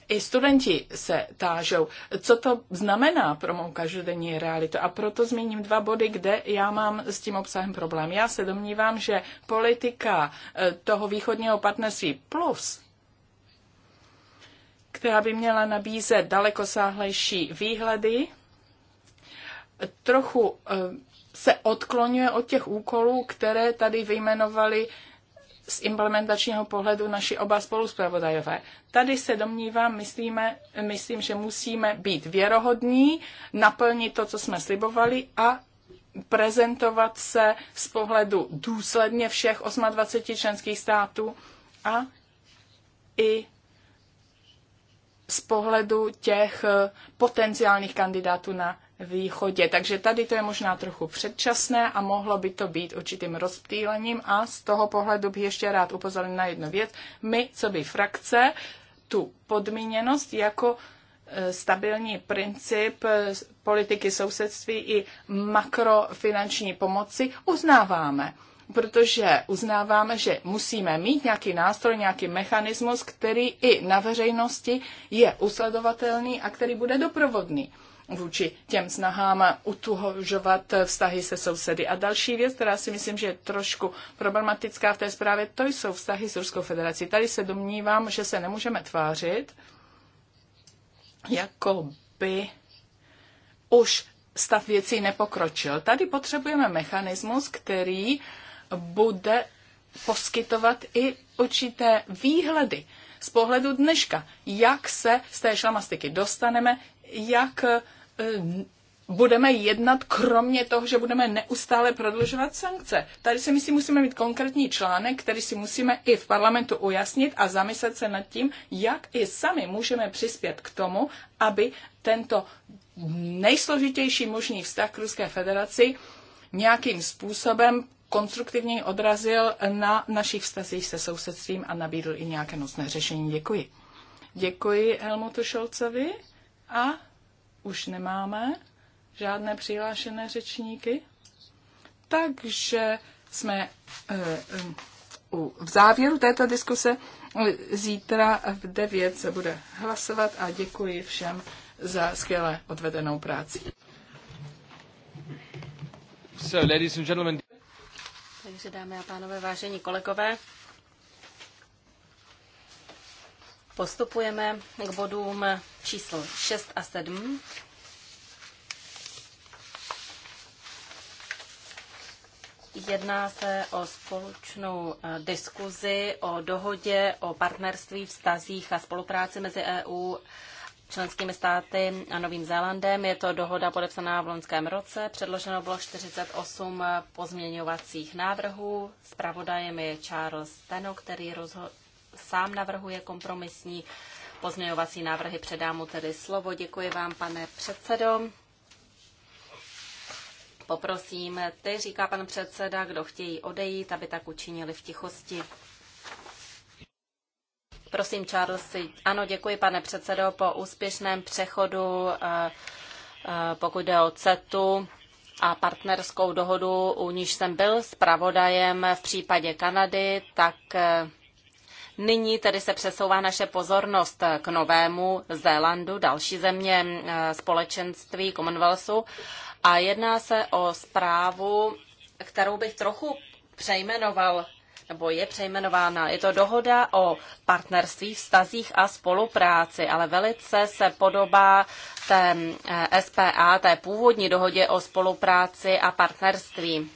[SPEAKER 3] i studenti se tážou, co to znamená pro mou každodenní realitu. A proto zmíním dva body, kde já mám s tím obsahem problém. Já se domnívám, že politika eh, toho východního partnerství plus která by měla nabízet dalekosáhlejší výhledy, trochu eh, se odklonuje od těch úkolů, které tady vyjmenovali z implementačního pohledu naši oba spoluspravodajové. Tady se domnívám, myslíme, myslím, že musíme být věrohodní, naplnit to, co jsme slibovali a prezentovat se z pohledu důsledně všech 28 členských států a i z pohledu těch eh, potenciálních kandidátů na východě. Takže tady to je možná trochu předčasné a mohlo by to být určitým rozptýlením a z toho pohledu bych ještě rád upozornil na jednu věc. My, co by frakce, tu podmíněnost jako e, stabilní princip e, politiky sousedství i makrofinanční pomoci uznáváme protože uznáváme, že musíme mít nějaký nástroj, nějaký mechanismus, který i na veřejnosti je usledovatelný a který bude doprovodný vůči těm snahám utuhožovat vztahy se sousedy. A další věc, která si myslím, že je trošku problematická v té zprávě, to jsou vztahy s Ruskou federací. Tady se domnívám, že se nemůžeme tvářit, jako by už stav věcí nepokročil. Tady potřebujeme mechanismus, který bude poskytovat i určité výhledy z pohledu dneška, jak se z té šlamastiky dostaneme, jak budeme jednat kromě toho, že budeme neustále prodlužovat sankce. Tady si myslím, musíme mít konkrétní článek, který si musíme i v parlamentu ujasnit a zamyslet se nad tím, jak i sami můžeme přispět k tomu, aby tento nejsložitější možný vztah k Ruské federaci nějakým způsobem konstruktivně odrazil na našich vztazích se sousedstvím a nabídl i nějaké nosné řešení. Děkuji. Děkuji Helmutu Šolcovi a už nemáme žádné přihlášené řečníky, takže jsme eh, eh, v závěru této diskuse. Eh, zítra v 9 se bude hlasovat a děkuji všem za skvěle odvedenou práci.
[SPEAKER 1] So, ladies and gentlemen.
[SPEAKER 4] Takže dámy a pánové, vážení kolegové, Postupujeme k bodům číslo 6 a 7. Jedná se o společnou eh, diskuzi o dohodě o partnerství, vztazích a spolupráci mezi EU členskými státy a Novým Zélandem. Je to dohoda podepsaná v loňském roce. Předloženo bylo 48 pozměňovacích návrhů. Spravodajem je Charles Teno, který rozhodl sám navrhuje kompromisní pozměňovací návrhy. Předám mu tedy slovo. Děkuji vám, pane předsedo. Poprosím ty, říká pan předseda, kdo chtějí odejít, aby tak učinili v tichosti. Prosím, Charlesi. Ano, děkuji, pane předsedo, po úspěšném přechodu, eh, eh, pokud jde o CETu, a partnerskou dohodu, u níž jsem byl zpravodajem v případě Kanady, tak eh, Nyní tedy se přesouvá naše pozornost k Novému Zélandu, další země eh, společenství Commonwealthu. A jedná se o zprávu, kterou bych trochu přejmenoval nebo je přejmenována. Je to dohoda o partnerství, vztazích a spolupráci, ale velice se podobá té eh, SPA, té původní dohodě o spolupráci a partnerství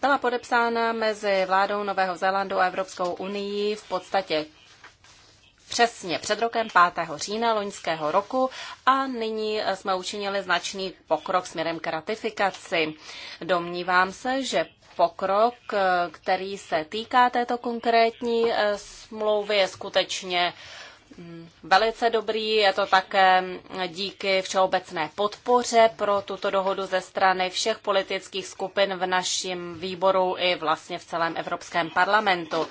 [SPEAKER 4] byla podepsána mezi vládou Nového Zélandu a Evropskou unii v podstatě přesně před rokem 5. října loňského roku a nyní jsme učinili značný pokrok směrem k ratifikaci. Domnívám se, že pokrok, který se týká této konkrétní eh, smlouvy, je skutečně uh, velice dobrý. Je to také díky všeobecné podpoře pro tuto dohodu ze strany všech politických skupin v našem výboru i vlastně v celém Evropském parlamentu.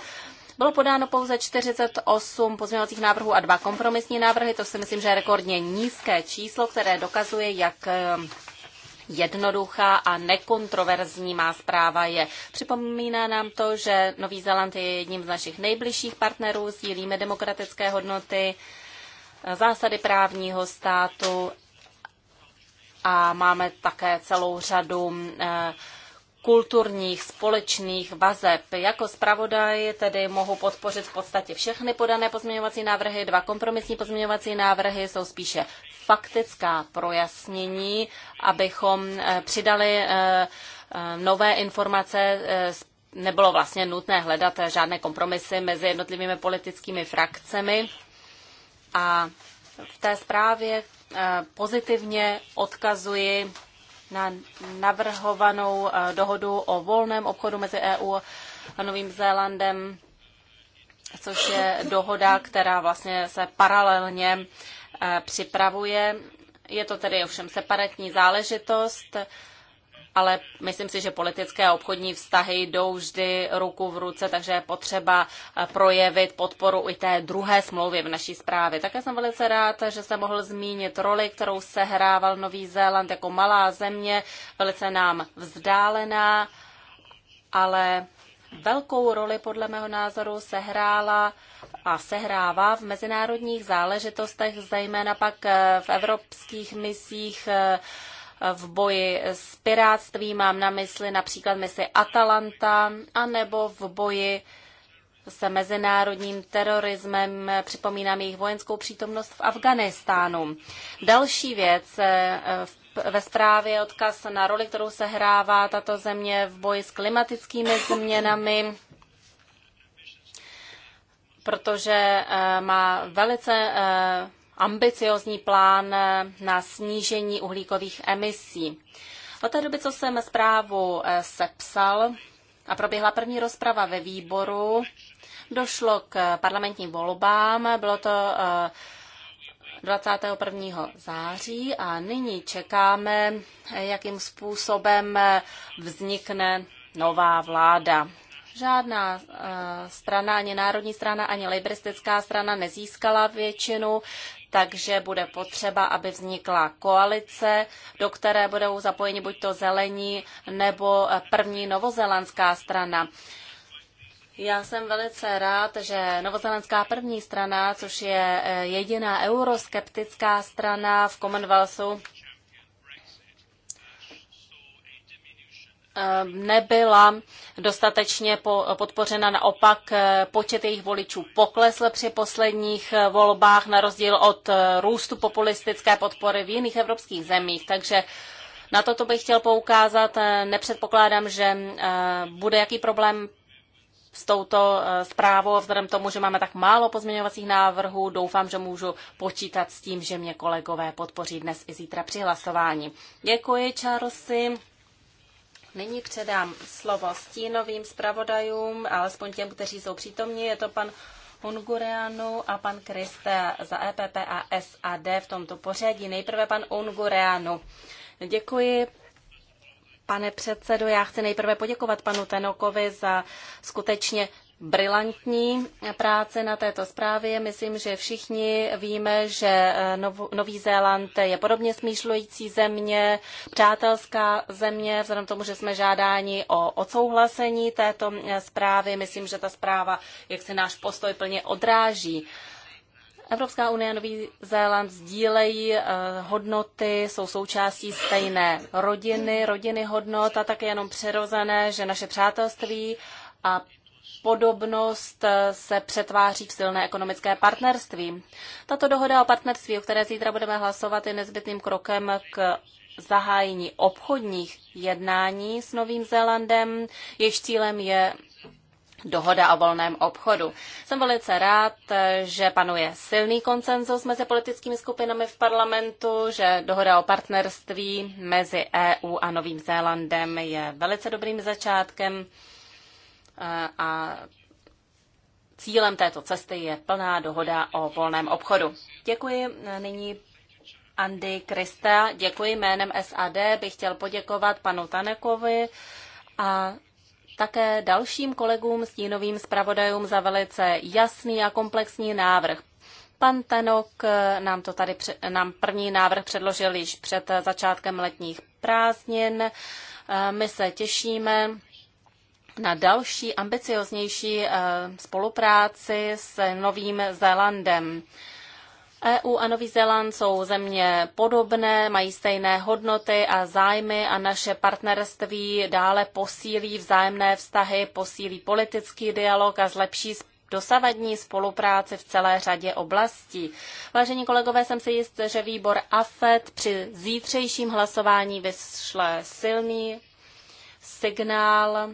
[SPEAKER 4] Bylo podáno pouze 48 pozměňovacích návrhů a dva kompromisní návrhy. To si myslím, že je rekordně nízké číslo, které dokazuje, jak jednoduchá a nekontroverzní má zpráva je. Připomíná nám to, že Nový Zéland je jedním z našich nejbližších partnerů, sdílíme demokratické hodnoty, zásady právního státu a máme také celou řadu eh, kulturních společných vazeb. Jako zpravodaj tedy mohu podpořit v podstatě všechny podané pozměňovací návrhy. Dva kompromisní pozměňovací návrhy jsou spíše faktická projasnění, abychom eh, přidali eh, eh, nové informace nebylo vlastně nutné hledat žádné kompromisy mezi jednotlivými politickými frakcemi. A v té zprávě pozitivně odkazuji na navrhovanou dohodu o volném obchodu mezi EU a Novým Zélandem, což je dohoda, která vlastně se paralelně Eh, připravuje. Je to tedy ovšem separatní záležitost, ale myslím si, že politické a obchodní vztahy jdou vždy ruku v ruce, takže je potřeba eh, projevit podporu i té druhé smlouvy v naší zprávě. Také jsem velice rád, že jsem mohl zmínit roli, kterou sehrával Nový Zéland jako malá země, velice nám vzdálená, ale velkou roli podle mého názoru sehrála a sehrává v mezinárodních záležitostech, zejména pak eh, v evropských misích eh, v boji s pirátstvím, mám na mysli například misi Atalanta, anebo v boji se mezinárodním terorismem, připomínám jejich vojenskou přítomnost v Afganistánu. Další věc, eh, ve zprávě odkaz na roli, kterou se hrává tato země v boji s klimatickými změnami, protože eh, má velice eh, ambiciozní plán eh, na snížení uhlíkových emisí. Od té doby, co jsem zprávu sepsal a proběhla první rozprava ve výboru, došlo k parlamentním volbám, bylo to 21. září a nyní čekáme, jakým způsobem vznikne nová vláda. Žádná eh, strana, ani národní strana, ani liberistická strana nezískala většinu, takže bude potřeba, aby vznikla koalice, do které budou zapojeni buď to zelení nebo eh, první novozelandská strana. Já jsem velice rád, že Novozelandská první strana, což je eh, jediná euroskeptická strana v Commonwealthu, Ehm, nebyla dostatečně podpořena. Naopak eh, počet jejich voličů poklesl při posledních eh, volbách, na rozdíl od eh, růstu populistické podpory v jiných evropských zemích. Takže na toto bych chtěl poukázat. Nepředpokládám, že bude jaký problém s touto zprávou, vzhledem tomu, že máme tak málo pozměňovacích návrhů. Doufám, že můžu počítat s tím, že mě kolegové podpoří dnes i zítra při hlasování. Děkuji, Charlesy. Nyní předám slovo stínovým zpravodajům, alespoň těm, kteří jsou přítomní. Je to pan Ungureanu a pan Kriste za EPP a SAD v tomto pořadí. Nejprve pan Ungureanu. Děkuji. Pane předsedo, já chci nejprve poděkovat panu Tenokovi za skutečně brilantní práce na této zprávě. Myslím, že všichni víme, že eh, Nový Zéland je podobně smýšlející země, přátelská země, vzhledem tomu, že jsme žádáni o odsouhlasení této eh, zprávy. Myslím, že ta zpráva, jak se náš postoj plně odráží. Evropská unie a Nový Zéland sdílejí eh, hodnoty, jsou součástí stejné rodiny, rodiny hodnot a je jenom přirozené, že naše přátelství a podobnost eh, se přetváří v silné ekonomické partnerství. Tato dohoda o partnerství, o které zítra budeme hlasovat, je nezbytným krokem k zahájení obchodních jednání s Novým Zélandem. Jejich cílem je dohoda o volném obchodu. Jsem velice rád, eh, že panuje silný konsenzus mezi politickými skupinami v parlamentu, že dohoda o partnerství mezi EU a Novým Zélandem je velice dobrým začátkem Eh, a cílem této cesty je plná dohoda o volném obchodu. Děkuji. Eh, nyní Andy Krista. Děkuji jménem SAD. Bych chtěl poděkovat panu Tanekovi a také dalším kolegům stínovým zpravodajům za velice jasný a komplexní návrh. Pan Tenok eh, nám, to tady, nám první návrh předložil již před začátkem letních prázdnin. My se těšíme na další ambicioznější eh, spolupráci s Novým Zélandem. EU a Nový Zéland jsou země podobné, mají stejné hodnoty a zájmy a naše partnerství dále posílí vzájemné vztahy, posílí politický dialog a zlepší dosavadní spolupráci v celé řadě oblastí. Vážení kolegové, jsem si jist, že výbor AFET při zítřejším hlasování vyšle silný signál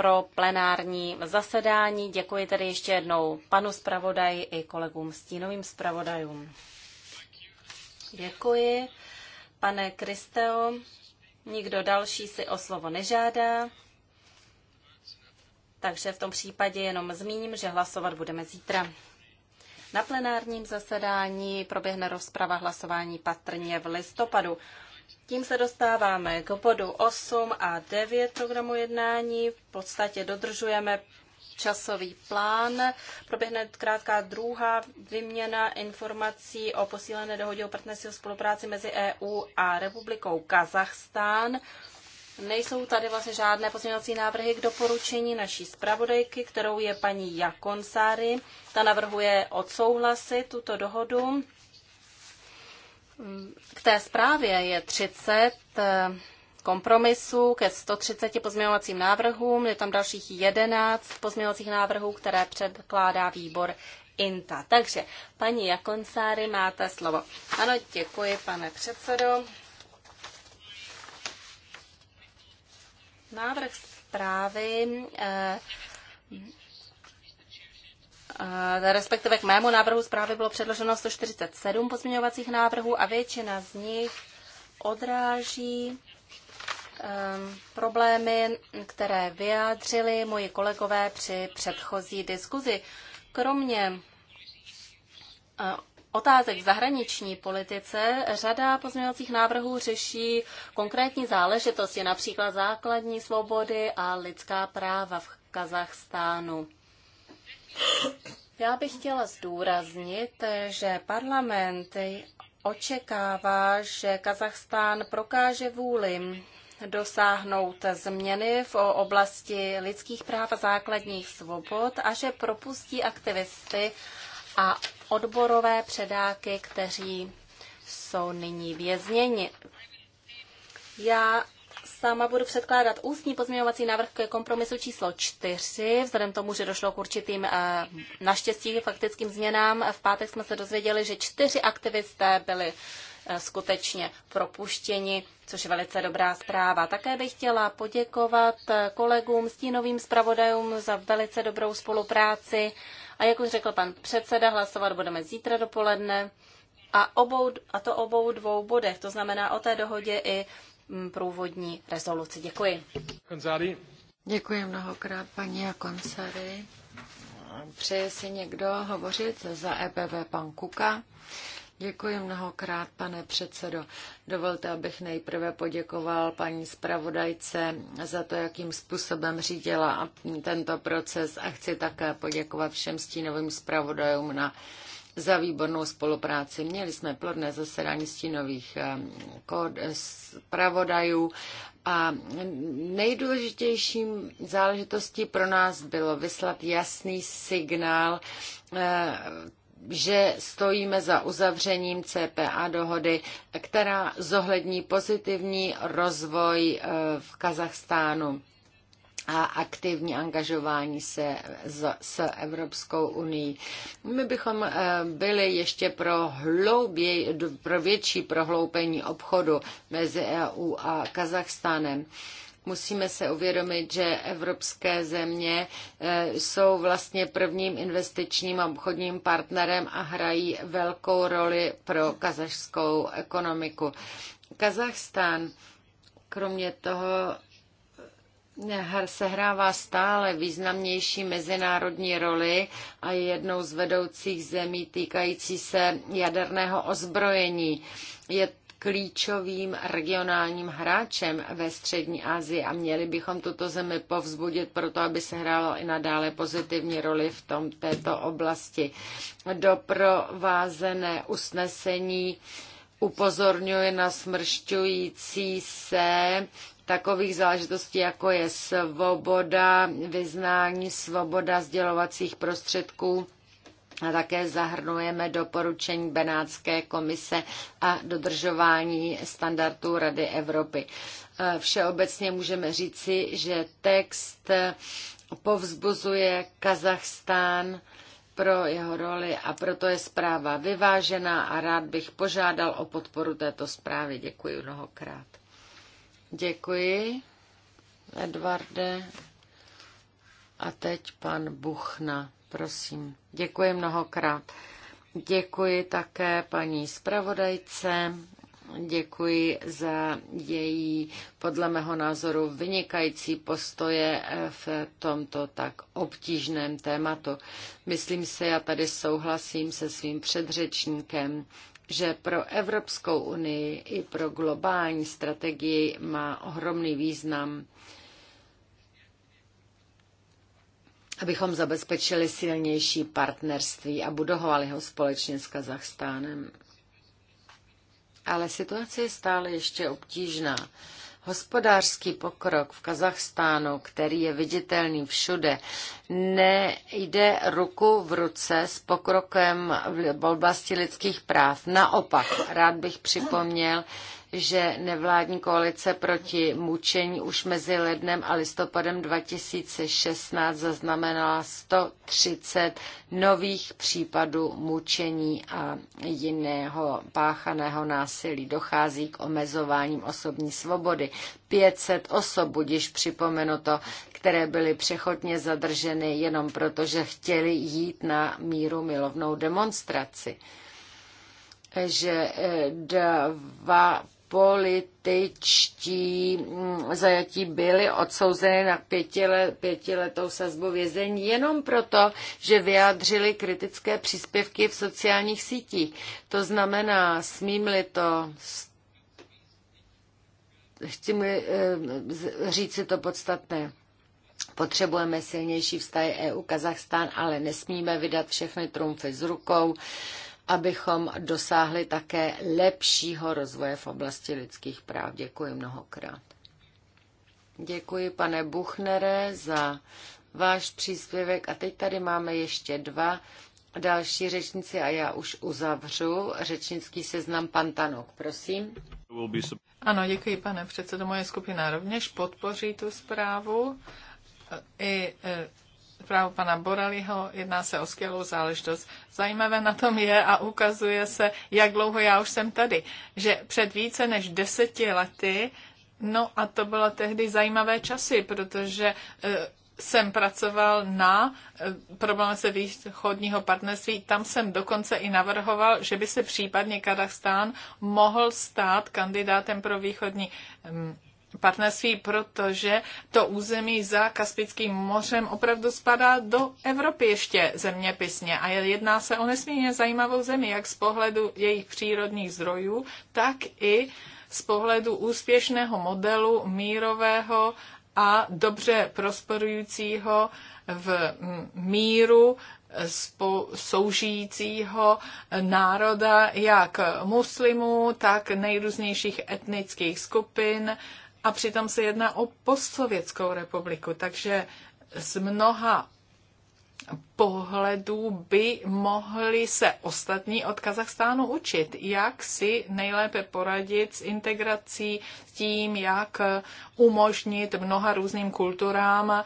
[SPEAKER 4] pro plenární zasedání. Děkuji tedy ještě jednou panu zpravodaji i kolegům stínovým zpravodajům. Děkuji. Pane Kristeo, nikdo další si o slovo nežádá. Takže v tom případě jenom zmíním, že hlasovat budeme zítra. Na plenárním zasedání proběhne rozprava hlasování patrně v listopadu. Tím se dostáváme k bodu 8 a 9 programu jednání. V podstatě dodržujeme časový plán. Proběhne krátká druhá vyměna informací o posílené dohodě o partnerství o spolupráci mezi EU a Republikou Kazachstán. Nejsou tady vlastně žádné pozměňovací návrhy k doporučení naší zpravodajky, kterou je paní Jakonsáry. Ta navrhuje odsouhlasit tuto dohodu. K té zprávě je 30 eh, kompromisů ke 130 pozměňovacím návrhům. Je tam dalších 11 pozměňovacích návrhů, které předkládá výbor INTA. Takže, paní Jakonsáry, máte slovo. Ano, děkuji, pane předsedo. Návrh zprávy eh, respektive k mému návrhu zprávy bylo předloženo 147 pozměňovacích návrhů a většina z nich odráží ehm, problémy, které vyjádřili moji kolegové při předchozí diskuzi. Kromě e, otázek v zahraniční politice řada pozměňovacích návrhů řeší konkrétní záležitosti, například základní svobody a lidská práva v Kazachstánu. Já bych chtěla zdůraznit, že parlament očekává, že Kazachstán prokáže vůli dosáhnout změny v oblasti lidských práv a základních svobod a že propustí aktivisty a odborové předáky, kteří jsou nyní vězněni. Já sama budu předkládat ústní pozměňovací návrh ke kompromisu číslo 4, vzhledem tomu, že došlo k určitým eh, naštěstí faktickým změnám. V pátek jsme se dozvěděli, že čtyři aktivisté byli eh, skutečně propuštěni, což je velice dobrá zpráva. Také bych chtěla poděkovat eh, kolegům, stínovým zpravodajům za velice dobrou spolupráci. A jak už řekl pan předseda, hlasovat budeme zítra dopoledne. A, obou, a to obou dvou bodech, to znamená o té dohodě i Mm, průvodní rezoluci. Děkuji.
[SPEAKER 2] Konzády. Děkuji mnohokrát, paní koncery. Přeje si někdo hovořit za EPV pan Kuka? Děkuji mnohokrát, pane předsedo. Dovolte, abych nejprve poděkoval paní zpravodajce za to, jakým způsobem řídila tento proces a chci také poděkovat všem stínovým zpravodajům na za výbornou spolupráci. Měli jsme plodné zasedání stínových eh, eh, pravodajů a nejdůležitějším záležitostí pro nás bylo vyslat jasný signál eh, že stojíme za uzavřením CPA dohody, která zohlední pozitivní rozvoj v Kazachstánu a aktivní angažování se z, s Evropskou unii. My bychom eh, byli ještě pro, hlouběj, pro větší prohloupení obchodu mezi EU a Kazachstánem musíme se uvědomit, že evropské země eh, jsou vlastně prvním investičním a obchodním partnerem a hrají velkou roli pro kazachskou ekonomiku. Kazachstán kromě toho sehrává stále významnější mezinárodní roli a je jednou z vedoucích zemí týkající se jaderného ozbrojení. Je klíčovým regionálním hráčem ve střední Asii a měli bychom tuto zemi povzbudit proto, aby se hrálo i nadále pozitivní roli v tom, této oblasti. Doprovázené usnesení upozorňuje na smršťující se takových záležitostí, jako je svoboda vyznání, svoboda sdělovacích prostředků. A také zahrnujeme doporučení Benátské komise a dodržování standardů Rady Evropy. Všeobecně můžeme říci, že text povzbuzuje Kazachstán pro jeho roli a proto je zpráva vyvážená a rád bych požádal o podporu této zprávy. Děkuji mnohokrát. Děkuji, Edvarde. A teď pan Buchna, prosím. Děkuji mnohokrát. Děkuji také paní zpravodajce, děkuji za její, podle mého názoru, vynikající postoje v tomto tak obtížném tématu. Myslím si, já tady souhlasím se svým předřečníkem, že pro Evropskou unii i pro globální strategii má ohromný význam, abychom zabezpečili silnější partnerství a budovali ho společně s Kazachstánem. Ale situace je stále ještě obtížná Hospodářský pokrok v Kazachstánu, který je viditelný všude, nejde ruku v ruce s pokrokem v oblasti lidských práv. Naopak, rád bych připomněl, že nevládní koalice proti mučení už mezi lednem a listopadem 2016 zaznamenala 130 nových případů mučení a jiného páchaného násilí. Dochází k omezováním osobní svobody. 500 osob, budiž připomenuto, které byly přechodně zadrženy jenom proto, že chtěli jít na míru milovnou demonstraci že eh, dva političtí mm, zajatí byli odsouzeni na pětiletou sazbu vězení jenom proto, že vyjádřili kritické příspěvky v sociálních sítích. To znamená, smím-li to chci mi eh, říct si to podstatné. Potřebujeme silnější vztahy EU-Kazachstán, ale nesmíme vydat všechny trumfy z rukou abychom dosáhli také lepšího rozvoje v oblasti lidských práv. Děkuji mnohokrát. Děkuji, pane Buchnere, za váš příspěvek. A teď tady máme ještě dva další řečníci a já už uzavřu řečnický seznam pan Tanok, prosím.
[SPEAKER 3] Ano, děkuji, pane předsedo. Moje skupina rovněž podpoří tu zprávu. I eh, zprávu pana Boraliho, jedná se o skvělou záležitost. Zajímavé na tom je a ukazuje se, jak dlouho já už jsem tady, že před více než deseti lety, no a to bylo tehdy zajímavé časy, protože eh, jsem pracoval na se eh, východního partnerství. Tam jsem dokonce i navrhoval, že by se případně Kazachstán mohl stát kandidátem pro východní mm, partnerství, protože to území za Kaspickým mořem opravdu spadá do Evropy ještě zeměpisně a jedná se o nesmírně zajímavou zemi, jak z pohledu jejich přírodních zdrojů, tak i z pohledu úspěšného modelu mírového a dobře prosperujícího v míru soužijícího národa, jak muslimů, tak nejrůznějších etnických skupin, a přitom se jedná o postsovětskou republiku, takže z mnoha pohledů by mohli se ostatní od Kazachstánu učit, jak si nejlépe poradit s integrací, s tím, jak umožnit mnoha různým kulturám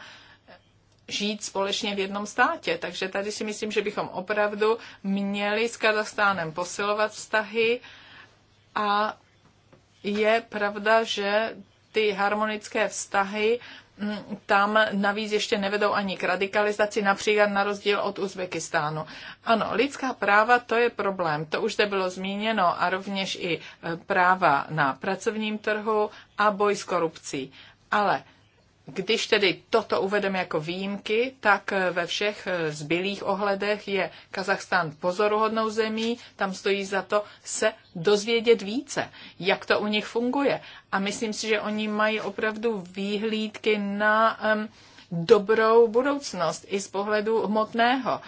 [SPEAKER 3] žít společně v jednom státě. Takže tady si myslím, že bychom opravdu měli s Kazachstánem posilovat vztahy a je pravda, že ty harmonické vztahy mm, tam navíc ještě nevedou ani k radikalizaci, například na rozdíl od Uzbekistánu. Ano, lidská práva to je problém, to už zde bylo zmíněno a rovněž i e, práva na pracovním trhu a boj s korupcí. Ale když tedy toto uvedeme jako výjimky, tak ve všech eh, zbylých ohledech je Kazachstán pozoruhodnou zemí, tam stojí za to se dozvědět více, jak to u nich funguje. A myslím si, že oni mají opravdu výhlídky na um, dobrou budoucnost i z pohledu hmotného.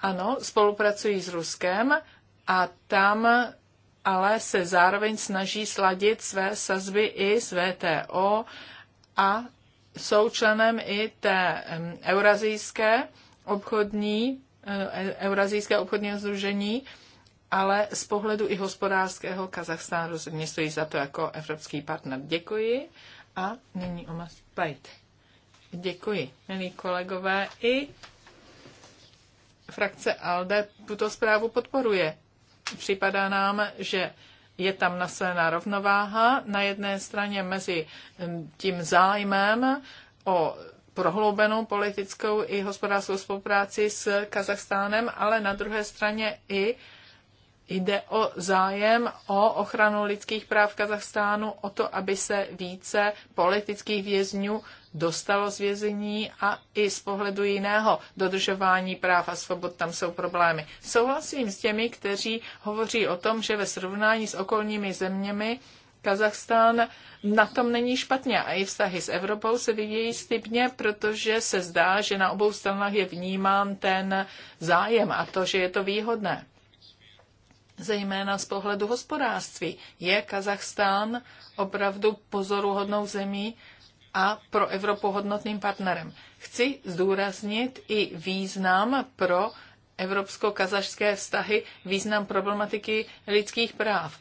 [SPEAKER 3] Ano, spolupracují s Ruskem a tam eh, ale se zároveň snaží sladit své sazby i s VTO a jsou členem i té eurazijské obchodní, eh, eurazijské obchodní združení, ale z pohledu i hospodářského Kazachstán rozhodně stojí za to jako evropský partner. Děkuji a nyní Oma Plejt. Děkuji, milí kolegové. I frakce ALDE tuto zprávu podporuje. Připadá nám, že je tam nastavená rovnováha na jedné straně mezi tím zájmem o prohloubenou politickou i hospodářskou spolupráci s Kazachstánem, ale na druhé straně i Jde o zájem o ochranu lidských práv v Kazachstánu, o to, aby se více politických vězňů dostalo z vězení a i z pohledu jiného dodržování práv a svobod tam jsou problémy. Souhlasím s těmi, kteří hovoří o tom, že ve srovnání s okolními zeměmi Kazachstán na tom není špatně a i vztahy s Evropou se vyvíjí stybně, protože se zdá, že na obou stranách je vnímán ten zájem a to, že je to výhodné zejména z pohledu hospodářství. Je Kazachstán opravdu pozoruhodnou zemí a pro Evropu hodnotným partnerem. Chci zdůraznit i význam pro evropsko-kazašské vztahy, význam problematiky lidských práv.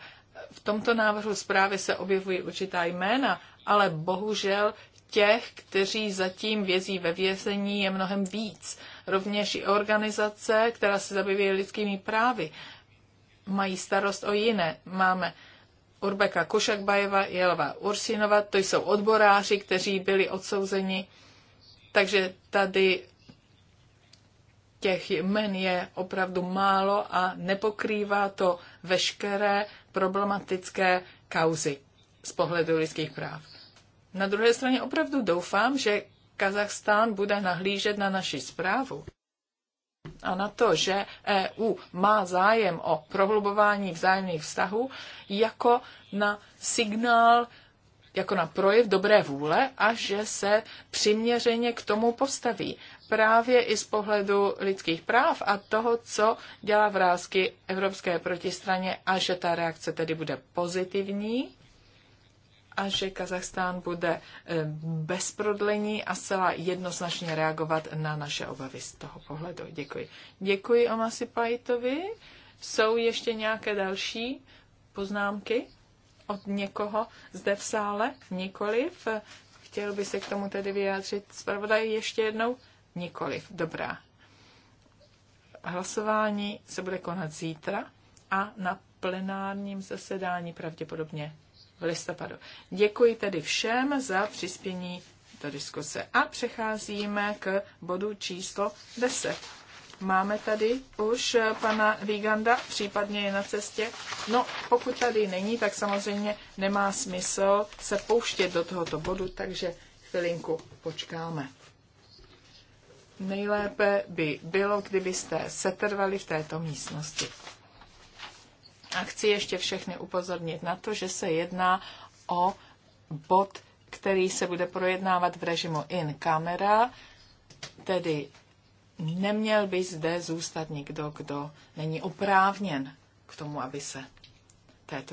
[SPEAKER 3] V tomto návrhu zprávy se objevují určitá jména, ale bohužel těch, kteří zatím vězí ve vězení, je mnohem víc. Rovněž i organizace, která se zabývají lidskými právy, mají starost o jiné. Máme Urbeka Kušakbajeva, Jelva Ursinova, to jsou odboráři, kteří byli odsouzeni. Takže tady těch jmen je opravdu málo a nepokrývá to veškeré problematické kauzy z pohledu lidských práv. Na druhé straně opravdu doufám, že Kazachstán bude nahlížet na naši zprávu a na to, že EU má zájem o prohlubování vzájemných vztahů jako na signál, jako na projev dobré vůle a že se přiměřeně k tomu postaví. Právě i z pohledu lidských práv a toho, co dělá vrázky Evropské protistraně a že ta reakce tedy bude pozitivní a že Kazachstán bude eh, bez prodlení a zcela jednoznačně reagovat na naše obavy z toho pohledu. Děkuji. Děkuji Omasi Pajitovi. Jsou ještě nějaké další poznámky od někoho zde v sále? Nikoliv. Chtěl by se k tomu tedy vyjádřit zpravodaj ještě jednou? Nikoliv. Dobrá. Hlasování se bude konat zítra a na plenárním zasedání pravděpodobně listopadu. Děkuji tedy všem za přispění do diskuse a přecházíme k bodu číslo 10. Máme tady už pana Viganda, případně je na cestě. No, pokud tady není, tak samozřejmě nemá smysl se pouštět do tohoto bodu, takže chvilinku počkáme. Nejlépe by bylo, kdybyste setrvali v této místnosti. A chci ještě všechny upozornit na to, že se jedná o bod, který se bude projednávat v režimu in camera, tedy neměl by zde zůstat nikdo, kdo není oprávněn k tomu, aby se této